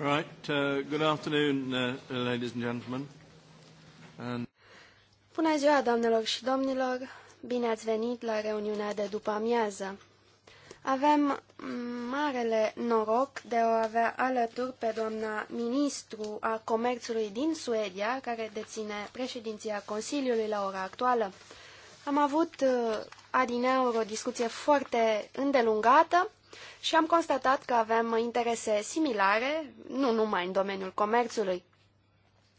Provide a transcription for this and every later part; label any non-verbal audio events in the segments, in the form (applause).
Right, uh, good afternoon, uh, ladies and gentlemen. And... Bună ziua, doamnelor și domnilor! Bine ați venit la reuniunea de după amiază. Avem marele noroc de a avea alături pe doamna ministru a comerțului din Suedia, care deține președinția Consiliului la ora actuală. Am avut uh, adineauri o discuție foarte îndelungată și am constatat că avem interese similare, nu numai în domeniul comerțului.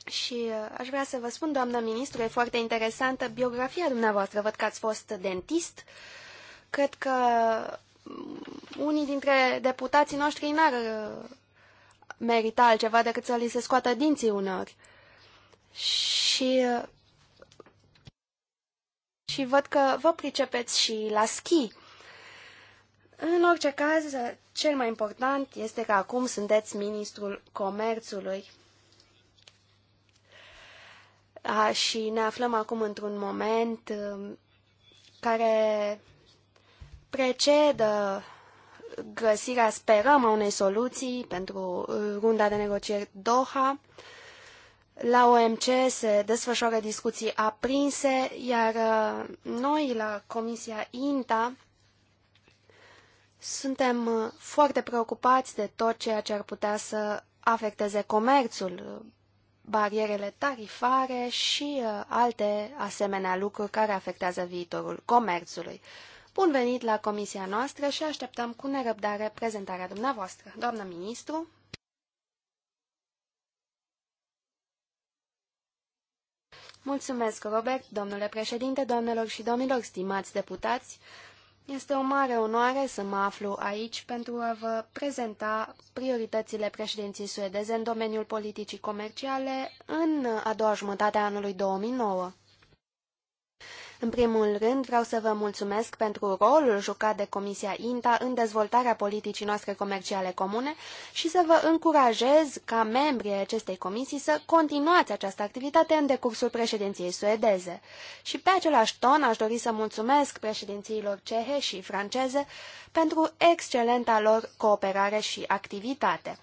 Și uh, aș vrea să vă spun, doamnă ministru, e foarte interesantă biografia dumneavoastră. Văd că ați fost dentist. Cred că mm, unii dintre deputații noștri n-ar uh, merita altceva decât să li se scoată dinții uneori. Și, uh, și văd că vă pricepeți și la schi. În orice caz, cel mai important este că acum sunteți ministrul comerțului a, și ne aflăm acum într-un moment um, care precedă găsirea, sperăm, a unei soluții pentru uh, runda de negocieri Doha. La OMC se desfășoară discuții aprinse, iar uh, noi la Comisia INTA suntem uh, foarte preocupați de tot ceea ce ar putea să afecteze comerțul, uh, barierele tarifare și uh, alte asemenea lucruri care afectează viitorul comerțului. Bun venit la comisia noastră și așteptăm cu nerăbdare prezentarea dumneavoastră, doamnă ministru. Mulțumesc, Robert, domnule președinte, doamnelor și domnilor, stimați deputați. Este o mare onoare să mă aflu aici pentru a vă prezenta prioritățile președinției suedeze în domeniul politicii comerciale în a doua jumătate a anului 2009. În primul rând, vreau să vă mulțumesc pentru rolul jucat de Comisia INTA în dezvoltarea politicii noastre comerciale comune și să vă încurajez ca membrii acestei comisii să continuați această activitate în decursul președinției suedeze. Și pe același ton aș dori să mulțumesc președințiilor cehe și franceze pentru excelenta lor cooperare și activitate.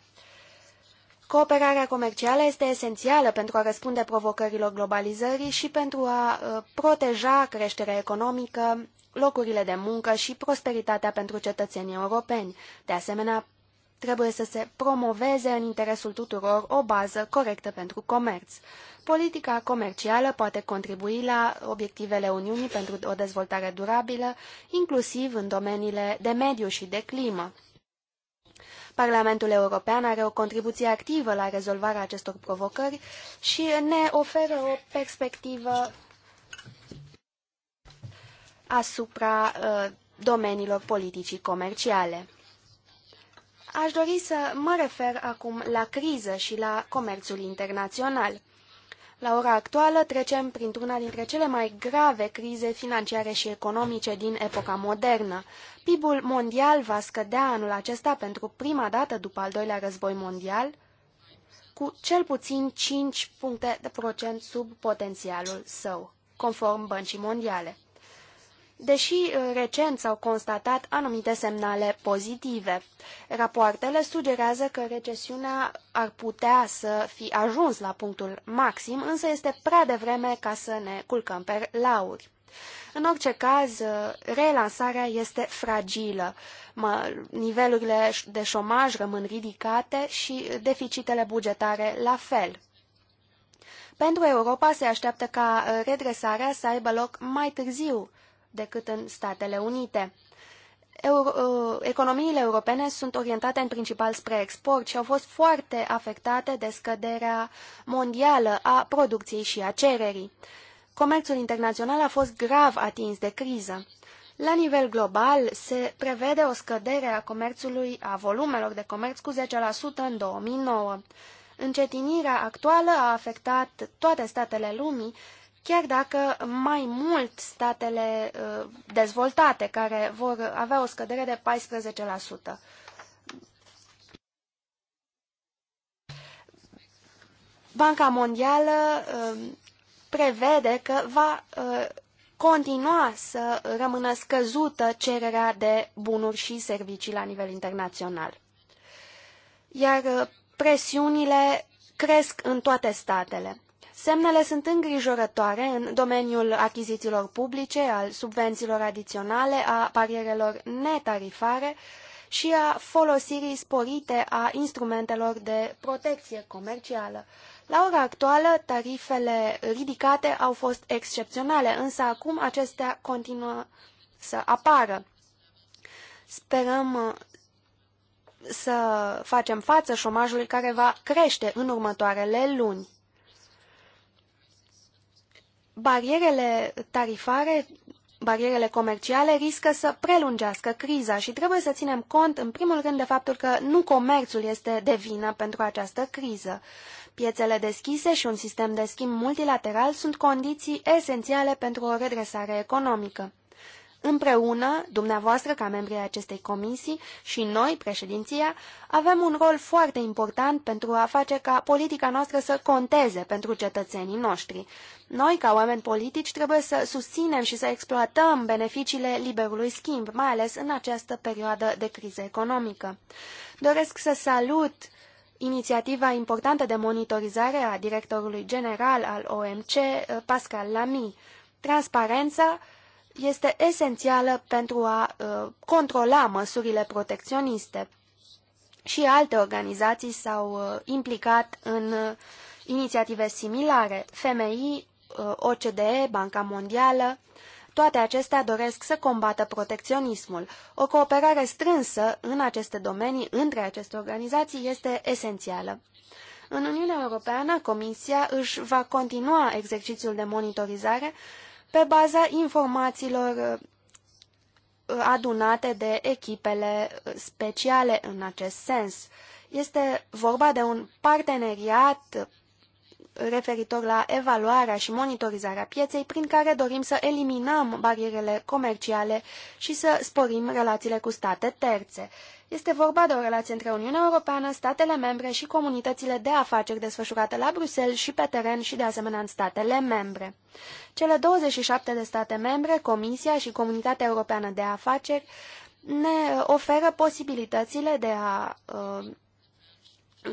Cooperarea comercială este esențială pentru a răspunde provocărilor globalizării și pentru a uh, proteja creșterea economică, locurile de muncă și prosperitatea pentru cetățenii europeni. De asemenea, trebuie să se promoveze în interesul tuturor o bază corectă pentru comerț. Politica comercială poate contribui la obiectivele Uniunii pentru o dezvoltare durabilă, inclusiv în domeniile de mediu și de climă. Parlamentul European are o contribuție activă la rezolvarea acestor provocări și ne oferă o perspectivă asupra uh, domeniilor politicii comerciale. Aș dori să mă refer acum la criză și la comerțul internațional. La ora actuală trecem printr-una dintre cele mai grave crize financiare și economice din epoca modernă. PIB-ul mondial va scădea anul acesta pentru prima dată după al doilea război mondial cu cel puțin 5 puncte de procent sub potențialul său, conform Băncii Mondiale deși uh, recent s-au constatat anumite semnale pozitive. Rapoartele sugerează că recesiunea ar putea să fi ajuns la punctul maxim, însă este prea devreme ca să ne culcăm pe lauri. În orice caz, uh, relansarea este fragilă. Nivelurile de șomaj rămân ridicate și deficitele bugetare la fel. Pentru Europa se așteaptă ca uh, redresarea să aibă loc mai târziu, decât în Statele Unite. Euro, uh, economiile europene sunt orientate în principal spre export și au fost foarte afectate de scăderea mondială a producției și a cererii. Comerțul internațional a fost grav atins de criză. La nivel global se prevede o scădere a comerțului, a volumelor de comerț cu 10% în 2009. Încetinirea actuală a afectat toate statele lumii chiar dacă mai mult statele uh, dezvoltate, care vor avea o scădere de 14%. Banca Mondială uh, prevede că va uh, continua să rămână scăzută cererea de bunuri și servicii la nivel internațional. Iar presiunile cresc în toate statele. Semnele sunt îngrijorătoare în domeniul achizițiilor publice, al subvențiilor adiționale, a barierelor netarifare și a folosirii sporite a instrumentelor de protecție comercială. La ora actuală, tarifele ridicate au fost excepționale, însă acum acestea continuă să apară. Sperăm uh, să facem față șomajului care va crește în următoarele luni barierele tarifare, barierele comerciale riscă să prelungească criza și trebuie să ținem cont, în primul rând, de faptul că nu comerțul este de vină pentru această criză. Piețele deschise și un sistem de schimb multilateral sunt condiții esențiale pentru o redresare economică. Împreună, dumneavoastră, ca membri ai acestei comisii și noi, președinția, avem un rol foarte important pentru a face ca politica noastră să conteze pentru cetățenii noștri. Noi, ca oameni politici, trebuie să susținem și să exploatăm beneficiile liberului schimb, mai ales în această perioadă de criză economică. Doresc să salut inițiativa importantă de monitorizare a directorului general al OMC, Pascal Lamy. Transparența este esențială pentru a uh, controla măsurile protecționiste. Și alte organizații s-au uh, implicat în uh, inițiative similare, FMI, uh, OCDE, Banca Mondială. Toate acestea doresc să combată protecționismul. O cooperare strânsă în aceste domenii, între aceste organizații, este esențială. În Uniunea Europeană, Comisia își va continua exercițiul de monitorizare uh, pe baza informațiilor uh, uh, adunate de echipele uh, speciale în acest sens. Este vorba de un parteneriat referitor la evaluarea și monitorizarea pieței, prin care dorim să eliminăm barierele comerciale și să sporim relațiile cu state terțe. Este vorba de o relație între Uniunea Europeană, statele membre și comunitățile de afaceri desfășurate la Bruxelles și pe teren și de asemenea în statele membre. Cele 27 de state membre, Comisia și Comunitatea Europeană de Afaceri ne oferă posibilitățile de a uh,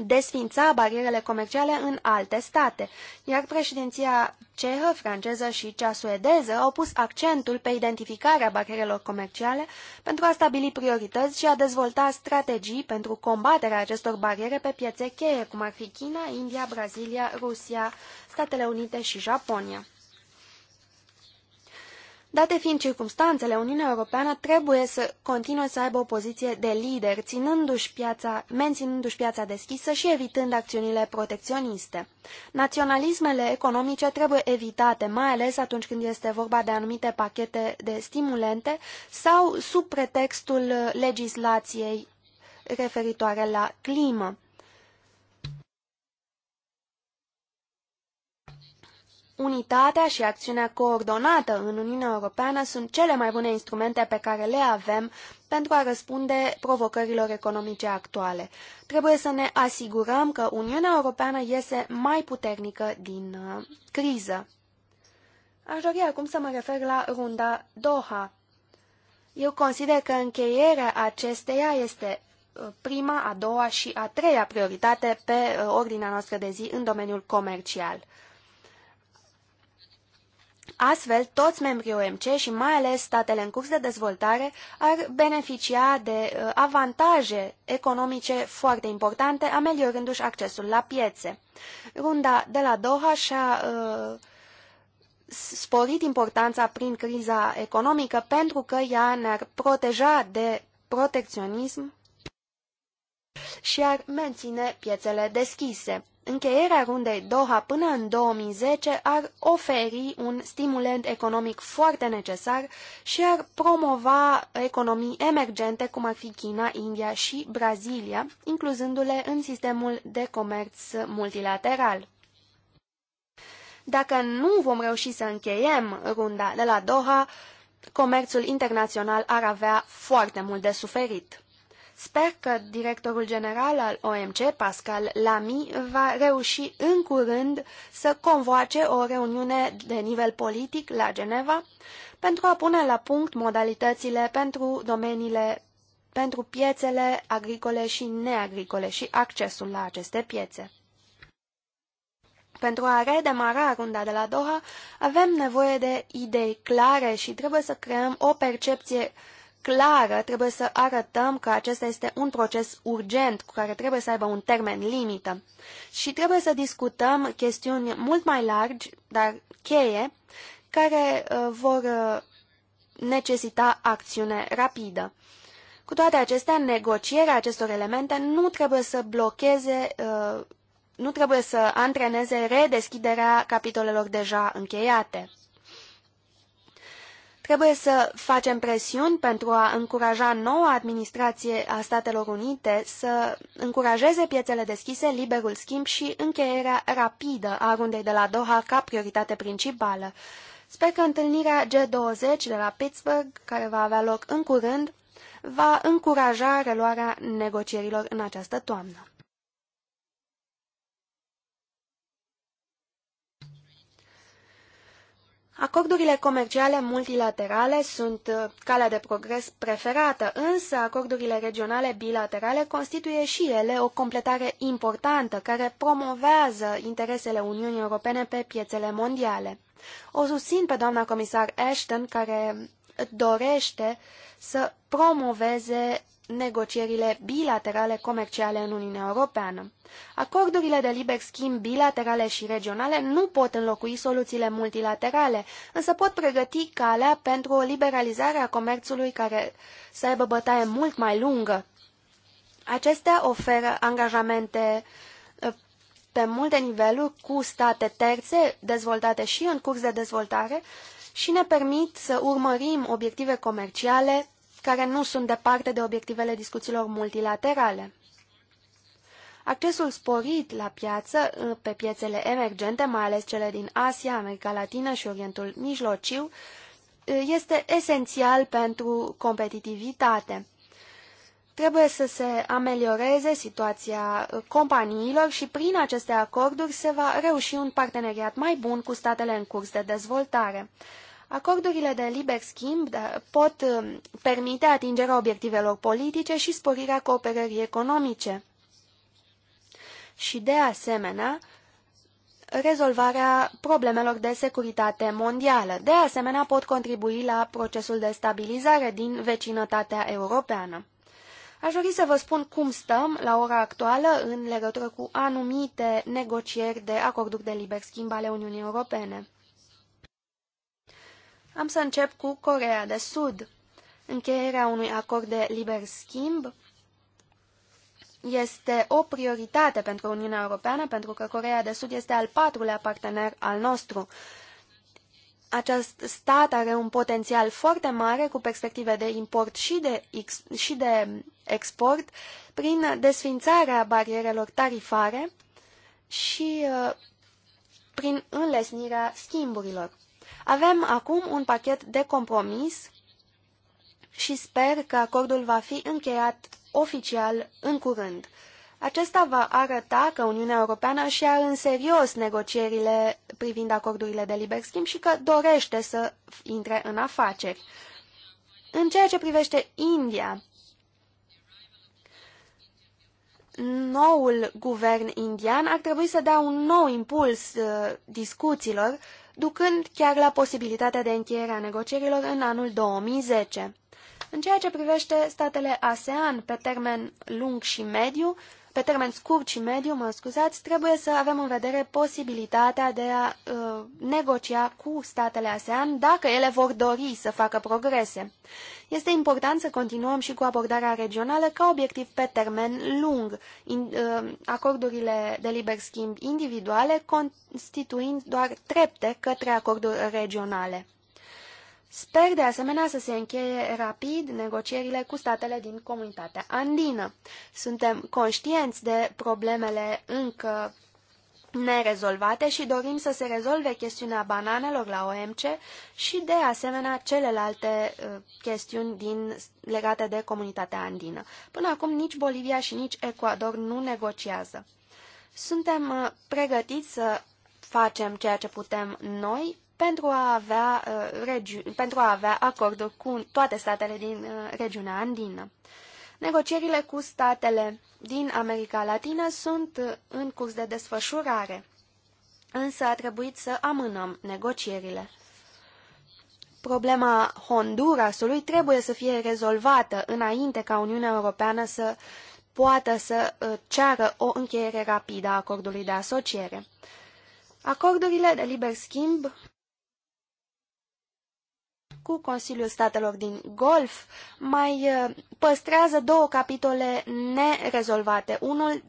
desfința barierele comerciale în alte state, iar președinția cehă, franceză și cea suedeză au pus accentul pe identificarea barierelor comerciale pentru a stabili priorități și a dezvolta strategii pentru combaterea acestor bariere pe piețe cheie, cum ar fi China, India, Brazilia, Rusia, Statele Unite și Japonia. Date fiind circumstanțele, Uniunea Europeană trebuie să continue să aibă o poziție de lider, ținându-și piața, menținându-și piața deschisă și evitând acțiunile protecționiste. Naționalismele economice trebuie evitate, mai ales atunci când este vorba de anumite pachete de stimulente sau sub pretextul legislației referitoare la climă. Unitatea și acțiunea coordonată în Uniunea Europeană sunt cele mai bune instrumente pe care le avem pentru a răspunde provocărilor economice actuale. Trebuie să ne asigurăm că Uniunea Europeană iese mai puternică din uh, criză. Aș dori acum să mă refer la runda Doha. Eu consider că încheierea acesteia este uh, prima, a doua și a treia prioritate pe uh, ordinea noastră de zi în domeniul comercial. Astfel, toți membrii OMC și mai ales statele în curs de dezvoltare ar beneficia de uh, avantaje economice foarte importante, ameliorându-și accesul la piețe. Runda de la Doha și-a uh, sporit importanța prin criza economică pentru că ea ne-ar proteja de protecționism și ar menține piețele deschise încheierea rundei Doha până în 2010 ar oferi un stimulent economic foarte necesar și ar promova economii emergente cum ar fi China, India și Brazilia, incluzându-le în sistemul de comerț multilateral. Dacă nu vom reuși să încheiem runda de la Doha, comerțul internațional ar avea foarte mult de suferit. Sper că directorul general al OMC, Pascal Lamy, va reuși în curând să convoace o reuniune de nivel politic la Geneva pentru a pune la punct modalitățile pentru domeniile pentru piețele agricole și neagricole și accesul la aceste piețe. Pentru a redemara runda de la Doha, avem nevoie de idei clare și trebuie să creăm o percepție clară, trebuie să arătăm că acesta este un proces urgent cu care trebuie să aibă un termen limită și trebuie să discutăm chestiuni mult mai largi, dar cheie, care uh, vor uh, necesita acțiune rapidă. Cu toate acestea, negocierea acestor elemente nu trebuie să blocheze, uh, nu trebuie să antreneze redeschiderea capitolelor deja încheiate. Trebuie să facem presiuni pentru a încuraja noua administrație a Statelor Unite să încurajeze piețele deschise, liberul schimb și încheierea rapidă a rundei de la Doha ca prioritate principală. Sper că întâlnirea G20 de la Pittsburgh, care va avea loc în curând, va încuraja reluarea negocierilor în această toamnă. Acordurile comerciale multilaterale sunt uh, calea de progres preferată, însă acordurile regionale bilaterale constituie și ele o completare importantă care promovează interesele Uniunii Europene pe piețele mondiale. O susțin pe doamna comisar Ashton, care dorește să promoveze negocierile bilaterale comerciale în Uniunea Europeană. Acordurile de liber schimb bilaterale și regionale nu pot înlocui soluțiile multilaterale, însă pot pregăti calea pentru o liberalizare a comerțului care să aibă bătaie mult mai lungă. Acestea oferă angajamente uh, pe multe niveluri cu state terțe dezvoltate și în curs de dezvoltare și ne permit să urmărim obiective comerciale care nu sunt departe de obiectivele discuțiilor multilaterale. Accesul sporit la piață, pe piețele emergente, mai ales cele din Asia, America Latină și Orientul Mijlociu, este esențial pentru competitivitate. Trebuie să se amelioreze situația companiilor și prin aceste acorduri se va reuși un parteneriat mai bun cu statele în curs de dezvoltare. Acordurile de liber schimb da, pot uh, permite atingerea obiectivelor politice și sporirea cooperării economice. Și de asemenea, rezolvarea problemelor de securitate mondială. De asemenea, pot contribui la procesul de stabilizare din vecinătatea europeană. Aș dori să vă spun cum stăm la ora actuală în legătură cu anumite negocieri de acorduri de liber schimb ale Uniunii Europene. Am să încep cu Corea de Sud. Încheierea unui acord de liber schimb este o prioritate pentru Uniunea Europeană, pentru că Corea de Sud este al patrulea partener al nostru. Acest stat are un potențial foarte mare cu perspective de import și de, și de export prin desfințarea barierelor tarifare și uh, prin înlesnirea schimburilor. Avem acum un pachet de compromis și sper că acordul va fi încheiat oficial în curând. Acesta va arăta că Uniunea Europeană și ia în serios negocierile privind acordurile de liber schimb și că dorește să intre în afaceri. În ceea ce privește India, noul guvern indian ar trebui să dea un nou impuls uh, discuțiilor ducând chiar la posibilitatea de încheiere a negocierilor în anul 2010. În ceea ce privește statele ASEAN pe termen lung și mediu, pe termen scurt și mediu, mă scuzați, trebuie să avem în vedere posibilitatea de a uh, negocia cu statele ASEAN dacă ele vor dori să facă progrese. Este important să continuăm și cu abordarea regională ca obiectiv pe termen lung, in, uh, acordurile de liber schimb individuale constituind doar trepte către acorduri regionale. Sper de asemenea să se încheie rapid negocierile cu statele din comunitatea andină. Suntem conștienți de problemele încă nerezolvate și dorim să se rezolve chestiunea bananelor la OMC și de asemenea celelalte uh, chestiuni din, legate de comunitatea andină. Până acum nici Bolivia și nici Ecuador nu negociază. Suntem uh, pregătiți să facem ceea ce putem noi pentru a avea, uh, pentru a avea acorduri cu toate statele din uh, regiunea andină. Negocierile cu statele din America Latină sunt uh, în curs de desfășurare, însă a trebuit să amânăm negocierile. Problema Hondurasului trebuie să fie rezolvată înainte ca Uniunea Europeană să poată să ceară o încheiere rapidă a acordului de asociere. Acordurile de liber schimb cu Consiliul Statelor din Golf, mai uh, păstrează două capitole nerezolvate. Unul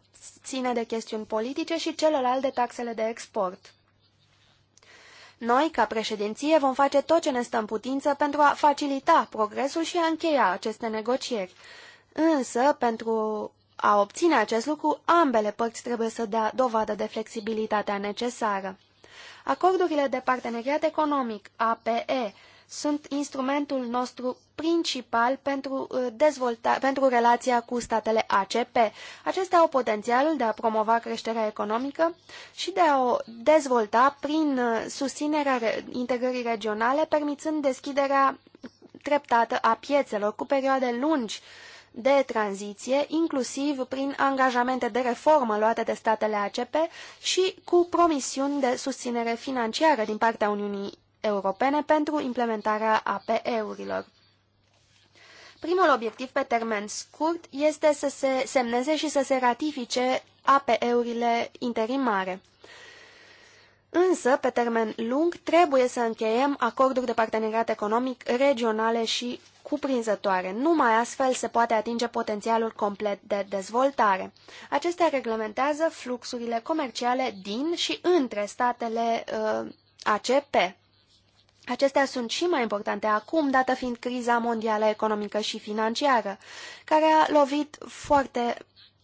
ține de chestiuni politice și celălalt de taxele de export. Noi, ca președinție, vom face tot ce ne stă în putință pentru a facilita progresul și a încheia aceste negocieri. Însă, pentru a obține acest lucru, ambele părți trebuie să dea dovadă de flexibilitatea necesară. Acordurile de parteneriat economic, APE, sunt instrumentul nostru principal pentru, uh, dezvolta, pentru relația cu statele ACP. Acestea au potențialul de a promova creșterea economică și de a o dezvolta prin uh, susținerea integrării regionale, permițând deschiderea treptată a piețelor cu perioade lungi de tranziție, inclusiv prin angajamente de reformă luate de statele ACP și cu promisiuni de susținere financiară din partea Uniunii europene pentru implementarea APE-urilor. Primul obiectiv pe termen scurt este să se semneze și să se ratifice APE-urile interimare. Însă, pe termen lung, trebuie să încheiem acorduri de parteneriat economic regionale și cuprinzătoare. Numai astfel se poate atinge potențialul complet de dezvoltare. Acestea reglementează fluxurile comerciale din și între statele uh, ACP. Acestea sunt și mai importante acum, dată fiind criza mondială economică și financiară, care a lovit foarte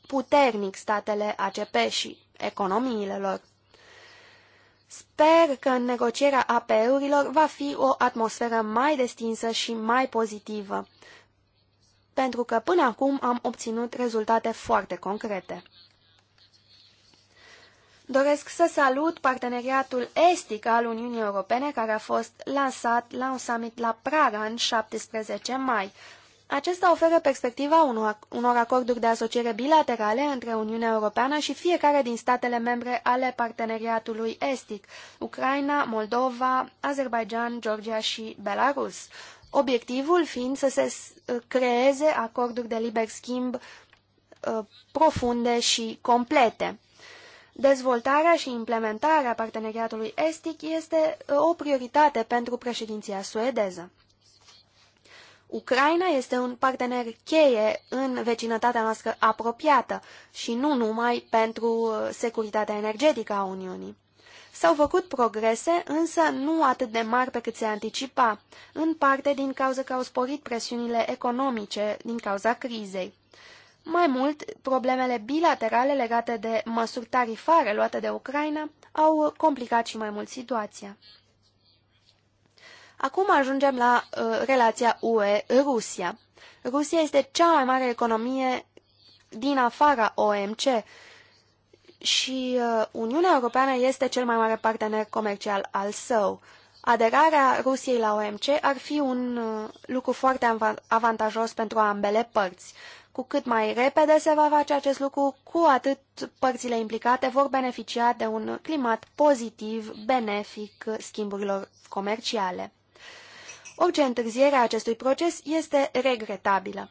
puternic statele ACP și economiile lor. Sper că în negocierea APE-urilor va fi o atmosferă mai destinsă și mai pozitivă, pentru că până acum am obținut rezultate foarte concrete. Doresc să salut parteneriatul estic al Uniunii Europene care a fost lansat la un summit la Praga în 17 mai. Acesta oferă perspectiva unor acorduri de asociere bilaterale între Uniunea Europeană și fiecare din statele membre ale parteneriatului estic, Ucraina, Moldova, Azerbaijan, Georgia și Belarus. Obiectivul fiind să se uh, creeze acorduri de liber schimb uh, profunde și complete. Dezvoltarea și implementarea parteneriatului estic este uh, o prioritate pentru președinția suedeză. Ucraina este un partener cheie în vecinătatea noastră apropiată și nu numai pentru uh, securitatea energetică a Uniunii. S-au făcut progrese, însă nu atât de mari pe cât se anticipa, în parte din cauza că au sporit presiunile economice din cauza crizei. Mai mult, problemele bilaterale legate de măsuri tarifare luate de Ucraina au complicat și mai mult situația. Acum ajungem la uh, relația UE-Rusia. Rusia este cea mai mare economie din afara OMC și uh, Uniunea Europeană este cel mai mare partener comercial al său. Aderarea Rusiei la OMC ar fi un uh, lucru foarte avantajos pentru ambele părți. Cu cât mai repede se va face acest lucru, cu atât părțile implicate vor beneficia de un climat pozitiv, benefic schimburilor comerciale. Orice întârziere a acestui proces este regretabilă,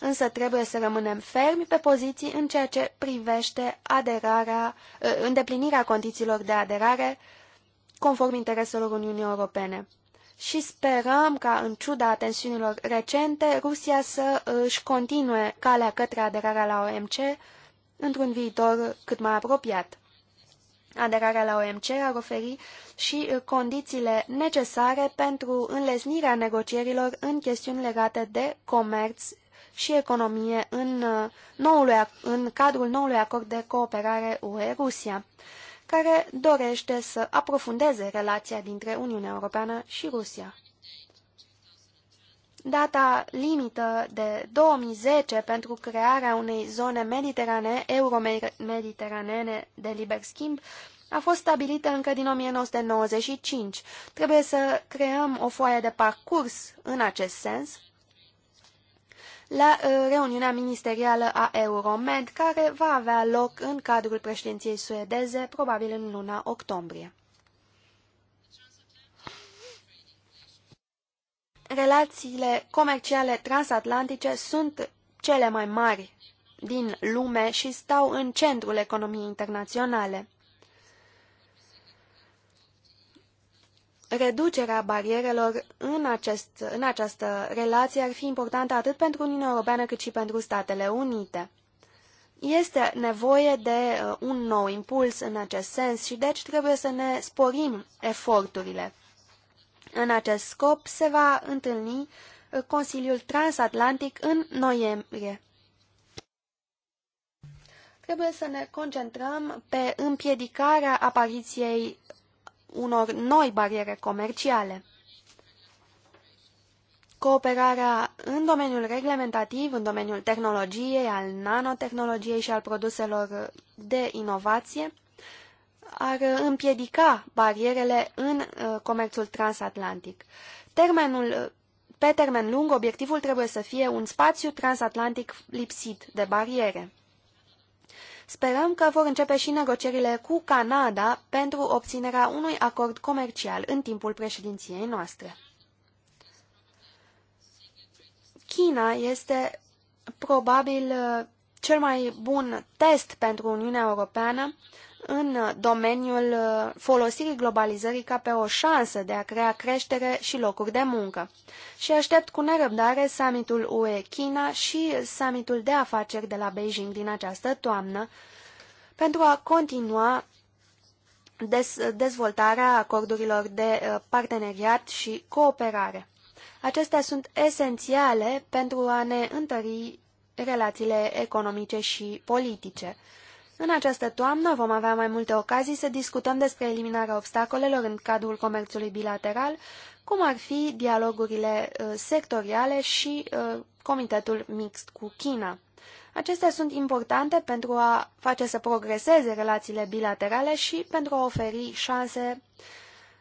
însă trebuie să rămânem fermi pe poziții în ceea ce privește aderarea, ă, îndeplinirea condițiilor de aderare conform intereselor Uniunii Europene și sperăm ca, în ciuda tensiunilor recente, Rusia să își continue calea către aderarea la OMC într-un viitor cât mai apropiat. Aderarea la OMC ar oferi și condițiile necesare pentru înlesnirea negocierilor în chestiuni legate de comerț și economie în, noului, în cadrul noului acord de cooperare UE-Rusia care dorește să aprofundeze relația dintre Uniunea Europeană și Rusia. Data limită de 2010 pentru crearea unei zone mediterane, euromediteranene de liber schimb a fost stabilită încă din 1995. Trebuie să creăm o foaie de parcurs în acest sens la uh, reuniunea ministerială a Euromed, care va avea loc în cadrul președinției suedeze, probabil în luna octombrie. Relațiile comerciale transatlantice sunt cele mai mari din lume și stau în centrul economiei internaționale. reducerea barierelor în, acest, în această relație ar fi importantă atât pentru Uniunea Europeană cât și pentru Statele Unite. Este nevoie de uh, un nou impuls în acest sens și deci trebuie să ne sporim eforturile. În acest scop se va întâlni uh, Consiliul Transatlantic în noiembrie. Trebuie să ne concentrăm pe împiedicarea apariției unor noi bariere comerciale. Cooperarea în domeniul reglementativ, în domeniul tehnologiei, al nanotehnologiei și al produselor de inovație ar împiedica barierele în uh, comerțul transatlantic. Termenul, pe termen lung, obiectivul trebuie să fie un spațiu transatlantic lipsit de bariere. Sperăm că vor începe și negocierile cu Canada pentru obținerea unui acord comercial în timpul președinției noastre. China este probabil uh, cel mai bun test pentru Uniunea Europeană în domeniul uh, folosirii globalizării ca pe o șansă de a crea creștere și locuri de muncă. Și aștept cu nerăbdare summitul UE-China și summitul de afaceri de la Beijing din această toamnă pentru a continua dezvoltarea acordurilor de uh, parteneriat și cooperare. Acestea sunt esențiale pentru a ne întări relațiile economice și politice în această toamnă vom avea mai multe ocazii să discutăm despre eliminarea obstacolelor în cadrul comerțului bilateral, cum ar fi dialogurile uh, sectoriale și uh, comitetul mixt cu China. Acestea sunt importante pentru a face să progreseze relațiile bilaterale și pentru a oferi șanse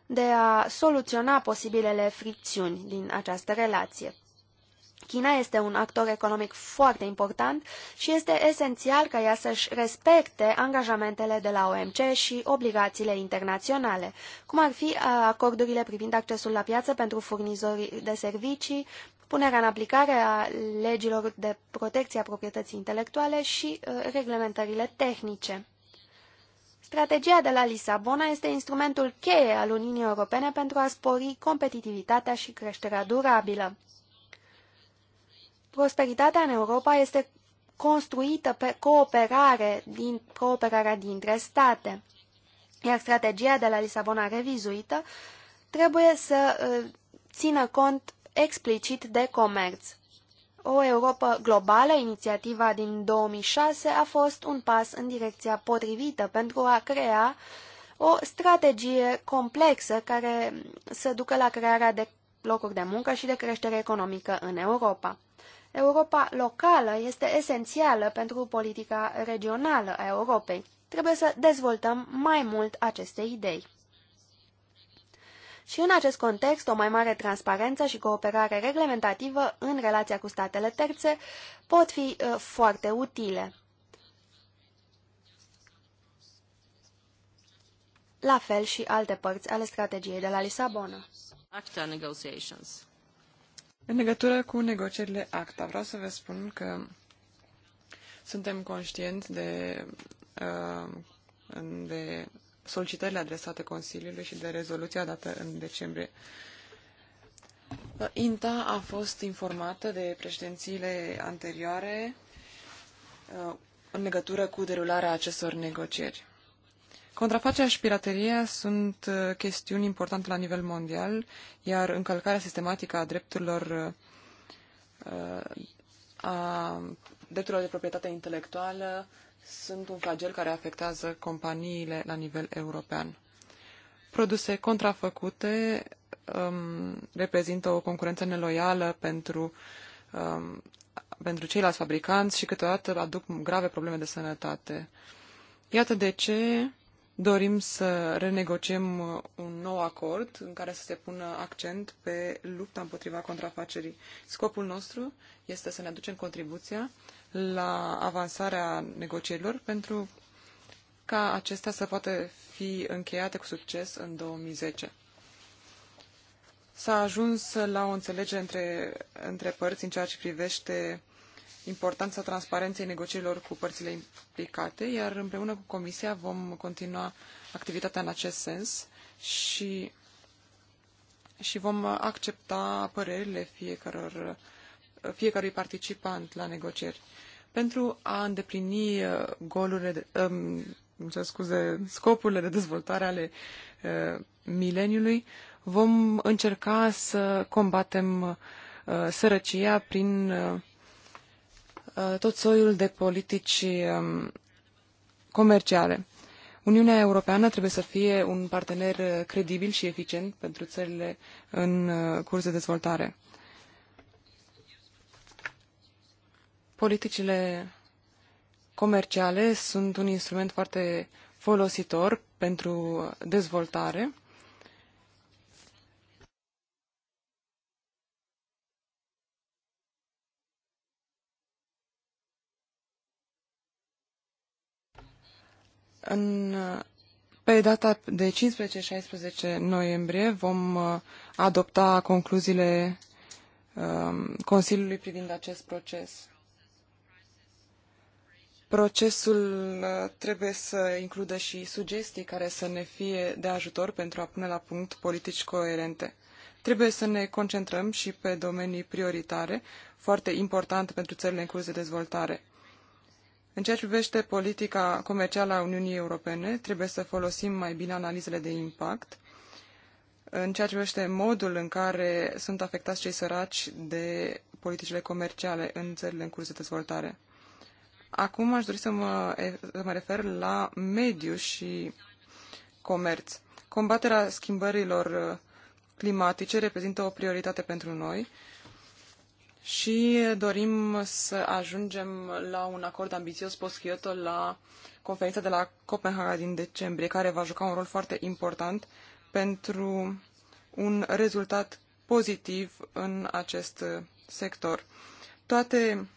de a soluționa posibilele fricțiuni din această relație. China este un actor economic foarte important și este esențial ca ea să-și respecte angajamentele de la OMC și obligațiile internaționale, cum ar fi uh, acordurile privind accesul la piață pentru furnizorii de servicii, punerea în aplicare a legilor de protecție a proprietății intelectuale și uh, reglementările tehnice. Strategia de la Lisabona este instrumentul cheie al Uniunii Europene pentru a spori competitivitatea și creșterea durabilă. Prosperitatea în Europa este construită pe cooperare din, cooperarea dintre state. Iar strategia de la Lisabona revizuită trebuie să ă, țină cont explicit de comerț. O Europa globală, inițiativa din 2006, a fost un pas în direcția potrivită pentru a crea o strategie complexă care să ducă la crearea de locuri de muncă și de creștere economică în Europa. Europa locală este esențială pentru politica regională a Europei. Trebuie să dezvoltăm mai mult aceste idei. Și în acest context, o mai mare transparență și cooperare reglementativă în relația cu statele terțe pot fi uh, foarte utile. La fel și alte părți ale strategiei de la Lisabona. ACTA negotiations. În legătură cu negocierile ACTA, vreau să vă spun că suntem conștienți de, uh, de solicitările adresate Consiliului și de rezoluția dată în decembrie. INTA a fost informată de președințiile anterioare uh, în legătură cu derularea acestor negocieri. Contrafacerea și pirateria sunt uh, chestiuni importante la nivel mondial, iar încălcarea sistematică a drepturilor uh, a drepturilor de proprietate intelectuală sunt un flagel care afectează companiile la nivel european. Produse contrafăcute um, reprezintă o concurență neloială pentru, um, pentru ceilalți fabricanți și câteodată aduc grave probleme de sănătate. Iată de ce dorim să renegociem uh, un nou acord în care să se pună accent pe lupta împotriva contrafacerii. Scopul nostru este să ne aducem contribuția la avansarea negocierilor pentru ca acestea să poată fi încheiate cu succes în 2010. S-a ajuns la o înțelegere între, între părți în ceea ce privește importanța transparenței negocierilor cu părțile implicate, iar împreună cu Comisia vom continua activitatea în acest sens și, și vom accepta părerile fiecăror, fiecărui participant la negocieri. Pentru a îndeplini uh, golurile, de, um, scuze, scopurile de dezvoltare ale uh, mileniului, vom încerca să combatem uh, sărăcia prin uh, Uh, tot soiul de politici um, comerciale. Uniunea Europeană trebuie să fie un partener uh, credibil și eficient pentru țările în uh, curs de dezvoltare. Politicile comerciale sunt un instrument foarte folositor pentru dezvoltare În, pe data de 15-16 noiembrie vom uh, adopta concluziile um, Consiliului privind acest proces. Procesul uh, trebuie să includă și sugestii care să ne fie de ajutor pentru a pune la punct politici coerente. Trebuie să ne concentrăm și pe domenii prioritare, foarte importante pentru țările în curs de dezvoltare. În ceea ce privește politica comercială a Uniunii Europene, trebuie să folosim mai bine analizele de impact în ceea ce privește modul în care sunt afectați cei săraci de politicile comerciale în țările în curs de dezvoltare. Acum aș dori să mă, să mă refer la mediu și comerț. Combaterea schimbărilor uh, climatice reprezintă o prioritate pentru noi și dorim să ajungem la un acord ambițios post-Kyoto la conferința de la Copenhaga din decembrie, care va juca un rol foarte important pentru un rezultat pozitiv în acest sector. Toate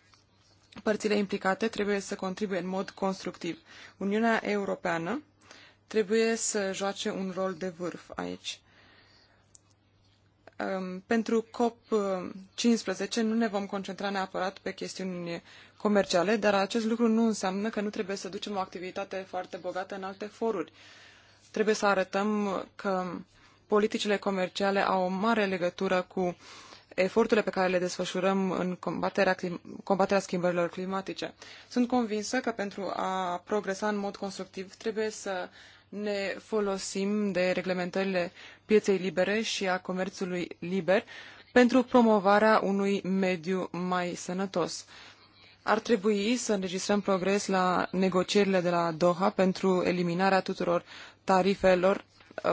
părțile implicate trebuie să contribuie în mod constructiv. Uniunea Europeană trebuie să joace un rol de vârf aici. Um, pentru COP15 nu ne vom concentra neapărat pe chestiuni comerciale, dar acest lucru nu înseamnă că nu trebuie să ducem o activitate foarte bogată în alte foruri. Trebuie să arătăm că politicile comerciale au o mare legătură cu eforturile pe care le desfășurăm în combaterea, combaterea schimbărilor climatice. Sunt convinsă că pentru a progresa în mod constructiv trebuie să ne folosim de reglementările pieței libere și a comerțului liber pentru promovarea unui mediu mai sănătos. Ar trebui să înregistrăm progres la negocierile de la Doha pentru eliminarea tuturor tarifelor,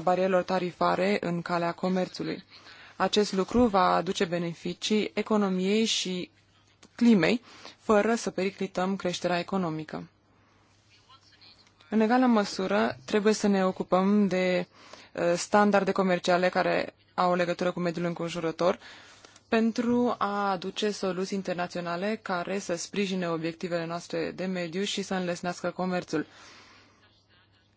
barierelor tarifare în calea comerțului. Acest lucru va aduce beneficii economiei și climei, fără să periclităm creșterea economică. În egală măsură, trebuie să ne ocupăm de uh, standarde comerciale care au legătură cu mediul înconjurător pentru a aduce soluții internaționale care să sprijine obiectivele noastre de mediu și să înlesnească comerțul.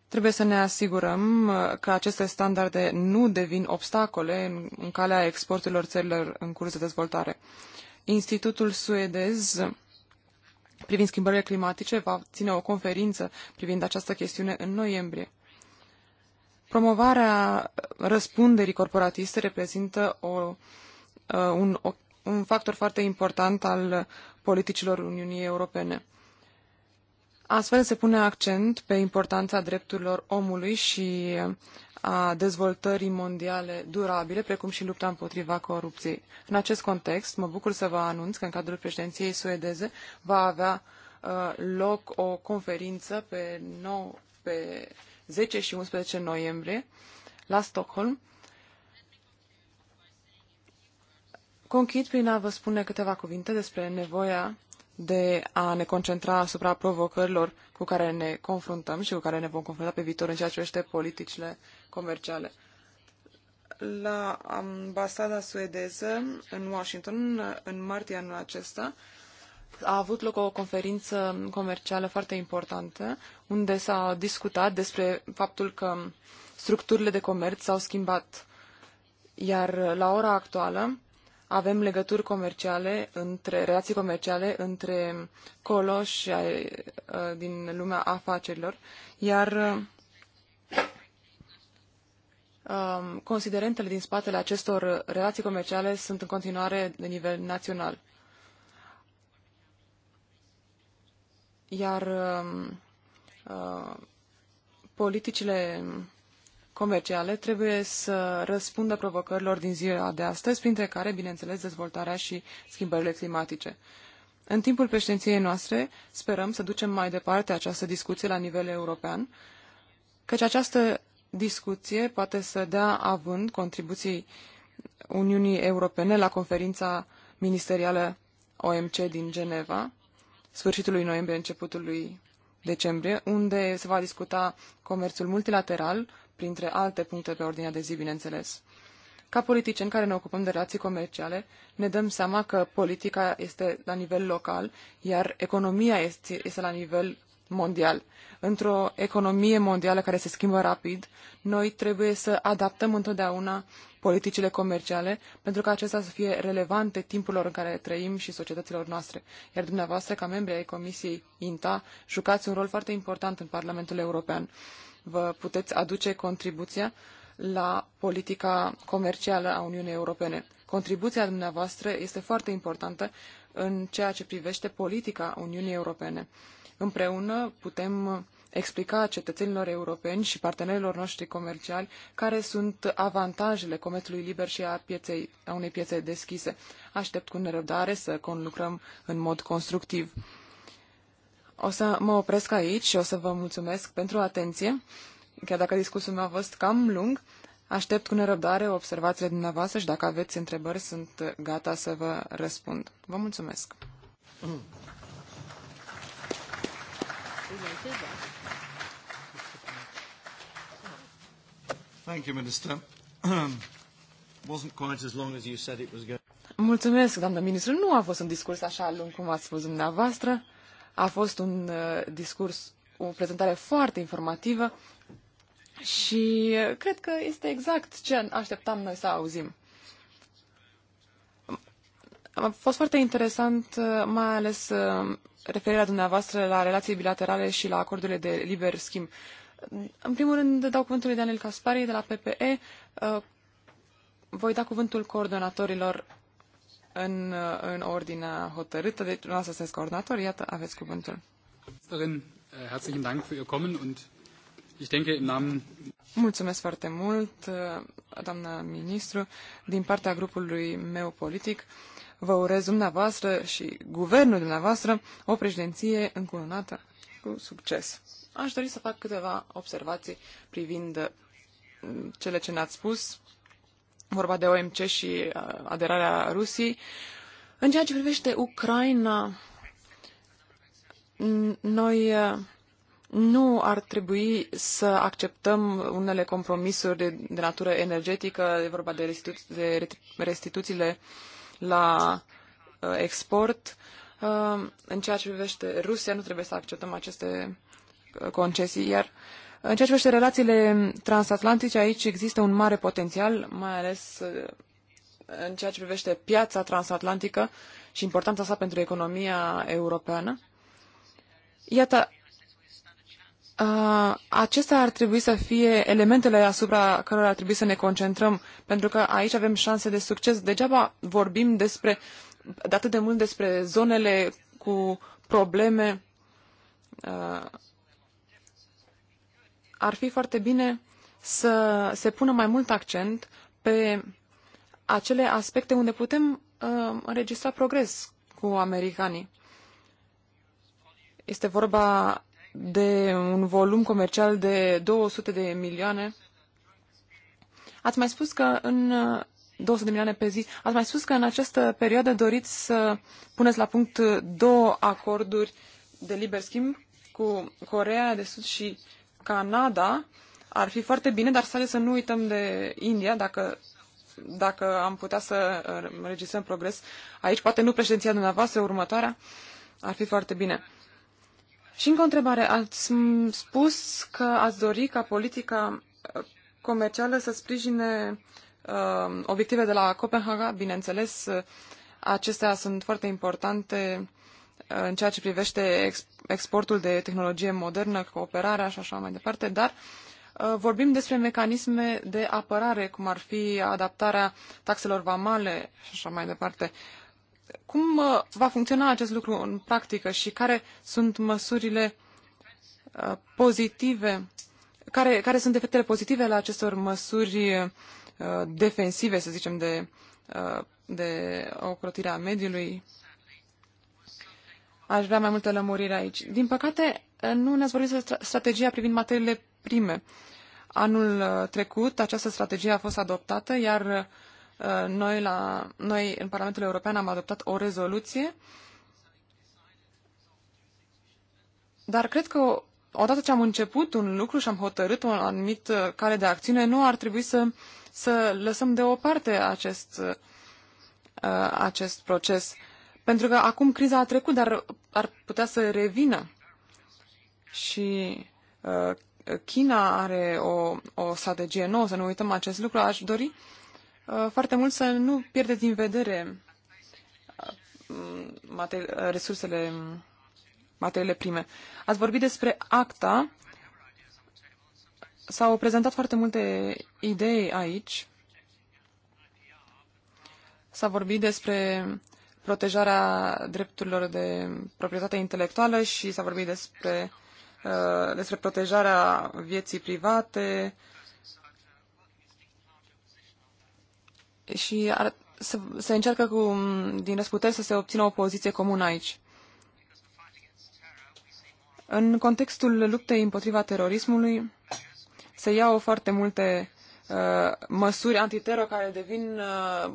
Trebuie să ne asigurăm uh, că aceste standarde nu devin obstacole în, în calea exporturilor țărilor în curs de dezvoltare. Institutul suedez privind schimbările climatice va ține o conferință privind această chestiune în noiembrie. Promovarea răspunderii corporatiste reprezintă o, uh, un, un factor foarte important al politicilor Uniunii Europene. Astfel se pune accent pe importanța drepturilor omului și a dezvoltării mondiale durabile, precum și lupta împotriva corupției. În acest context, mă bucur să vă anunț că în cadrul președinției suedeze va avea uh, loc o conferință pe, 9, pe 10 și 11 noiembrie la Stockholm. Conchid prin a vă spune câteva cuvinte despre nevoia de a ne concentra asupra provocărilor cu care ne confruntăm și cu care ne vom confrunta pe viitor în ceea ce este politicile comerciale. La ambasada suedeză în Washington, în martie anul acesta, a avut loc o conferință comercială foarte importantă, unde s-a discutat despre faptul că structurile de comerț s-au schimbat. Iar la ora actuală, avem legături comerciale între, relații comerciale între coloși eh, din lumea afacerilor, iar ehm, considerentele din spatele acestor relații comerciale sunt în continuare de nivel național. Iar ehm, eh, politicile comerciale trebuie să răspundă provocărilor din ziua de astăzi, printre care, bineînțeles, dezvoltarea și schimbările climatice. În timpul președinției noastre sperăm să ducem mai departe această discuție la nivel european, căci această discuție poate să dea având contribuții Uniunii Europene la conferința ministerială OMC din Geneva, sfârșitul lui noiembrie, începutul lui decembrie, unde se va discuta comerțul multilateral, printre alte puncte pe ordinea de zi, bineînțeles. Ca politicieni care ne ocupăm de relații comerciale, ne dăm seama că politica este la nivel local, iar economia este, este la nivel mondial. Într-o economie mondială care se schimbă rapid, noi trebuie să adaptăm întotdeauna politicile comerciale pentru ca acestea să fie relevante timpurilor în care trăim și societăților noastre. Iar dumneavoastră, ca membri ai Comisiei INTA, jucați un rol foarte important în Parlamentul European vă puteți aduce contribuția la politica comercială a Uniunii Europene. Contribuția dumneavoastră este foarte importantă în ceea ce privește politica Uniunii Europene. Împreună putem explica cetățenilor europeni și partenerilor noștri comerciali care sunt avantajele comerțului liber și a, pieței, a unei piețe deschise. Aștept cu nerăbdare să conlucrăm în mod constructiv. O să mă opresc aici și o să vă mulțumesc pentru atenție, chiar dacă discursul meu a fost cam lung. Aștept cu nerăbdare observațiile dumneavoastră și dacă aveți întrebări, sunt gata să vă răspund. Vă mulțumesc! Thank you, Minister. (clears throat) Wasn't quite as long as you said it was going. Mulțumesc, doamnă ministru. Nu a fost un discurs așa lung cum ați spus dumneavoastră. A fost un uh, discurs, o prezentare foarte informativă și uh, cred că este exact ce așteptam noi să auzim. A fost foarte interesant, uh, mai ales referirea dumneavoastră la relații bilaterale și la acordurile de liber schimb. În primul rând, dau cuvântul lui Daniel Caspari de la PPE. Voi da cuvântul coordonatorilor în, în hotărâtă. Deci, nu coordonator, iată, aveți cuvântul. Eh, herzlichen Dank für Ihr Kommen und ich denke im Namen Mulțumesc foarte mult, eh, doamna ministru. Din partea grupului meu politic, vă urez dumneavoastră și guvernul dumneavoastră o președinție încununată cu succes. Aș dori să fac câteva observații privind mm, cele ce ne-ați spus vorba de OMC și uh, aderarea Rusiei. În ceea ce privește Ucraina, noi uh, nu ar trebui să acceptăm unele compromisuri de, de natură energetică, e vorba de, restitu- de restituțiile la uh, export. Uh, în ceea ce privește Rusia, nu trebuie să acceptăm aceste uh, concesii, iar uh, în ceea ce privește relațiile transatlantice, aici există un mare potențial, mai ales uh, în ceea ce privește piața transatlantică și importanța sa pentru economia europeană. Iată, uh, acestea ar trebui să fie elementele asupra cărora ar trebui să ne concentrăm, pentru că aici avem șanse de succes. Degeaba vorbim despre, de atât de mult despre zonele cu probleme uh, ar fi foarte bine să se pună mai mult accent pe acele aspecte unde putem uh, înregistra progres cu americanii. Este vorba de un volum comercial de 200 de milioane. Ați mai spus că în 200 uh, de milioane pe zi. Ați mai spus că în această perioadă doriți să puneți la punct două acorduri de liber schimb cu Corea de Sud și Canada ar fi foarte bine, dar să să nu uităm de India, dacă, dacă am putea să uh, înregistrăm progres aici, poate nu președinția dumneavoastră, următoarea, ar fi foarte bine. Și încă o întrebare. Ați spus că ați dori ca politica uh, comercială să sprijine uh, obiective de la Copenhaga, bineînțeles, uh, acestea sunt foarte importante în ceea ce privește exportul de tehnologie modernă, cooperarea și așa mai departe, dar uh, vorbim despre mecanisme de apărare, cum ar fi adaptarea taxelor vamale și așa mai departe. Cum uh, va funcționa acest lucru în practică și care sunt măsurile uh, pozitive, care, care sunt efectele pozitive ale acestor măsuri defensive, să zicem, de, de ocrotirea mediului Aș vrea mai multă lămurire aici. Din păcate, nu ne-ați vorbit de strategia privind materiile prime. Anul uh, trecut această strategie a fost adoptată, iar uh, noi, la, noi în Parlamentul European am adoptat o rezoluție, dar cred că odată ce am început un lucru și am hotărât o anumit uh, cale de acțiune, nu ar trebui să, să lăsăm deoparte acest, acest proces. Pentru că acum criza a trecut, dar ar putea să revină. Și uh, China are o, o strategie nouă, să nu uităm acest lucru. Aș dori uh, foarte mult să nu pierdeți din vedere uh, mate- resursele, materiile prime. Ați vorbit despre acta. S-au prezentat foarte multe idei aici. S-a vorbit despre protejarea drepturilor de proprietate intelectuală și s-a vorbit despre, uh, despre protejarea vieții private și ar, să, se încearcă cu, din răsputeri să se obțină o poziție comună aici. În contextul luptei împotriva terorismului se iau foarte multe uh, măsuri antitero care devin uh,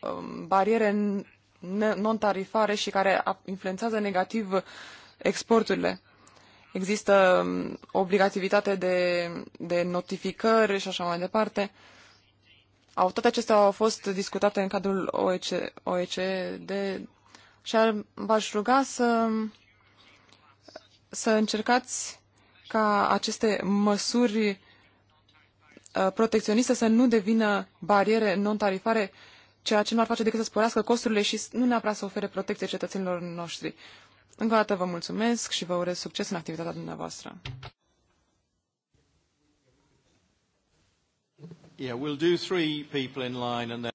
um, bariere non-tarifare și care influențează negativ exporturile. Există um, obligativitate de, de notificări și așa mai departe. Au, toate acestea au fost discutate în cadrul OEC, OECD și ar, v-aș ruga să, să încercați ca aceste măsuri uh, protecționiste să nu devină bariere non-tarifare uh, ceea ce nu ar face decât să sporească costurile și nu neapărat să ofere protecție cetățenilor noștri. Încă o dată vă mulțumesc și vă urez succes în activitatea dumneavoastră. Yeah, we'll do three people in line and then...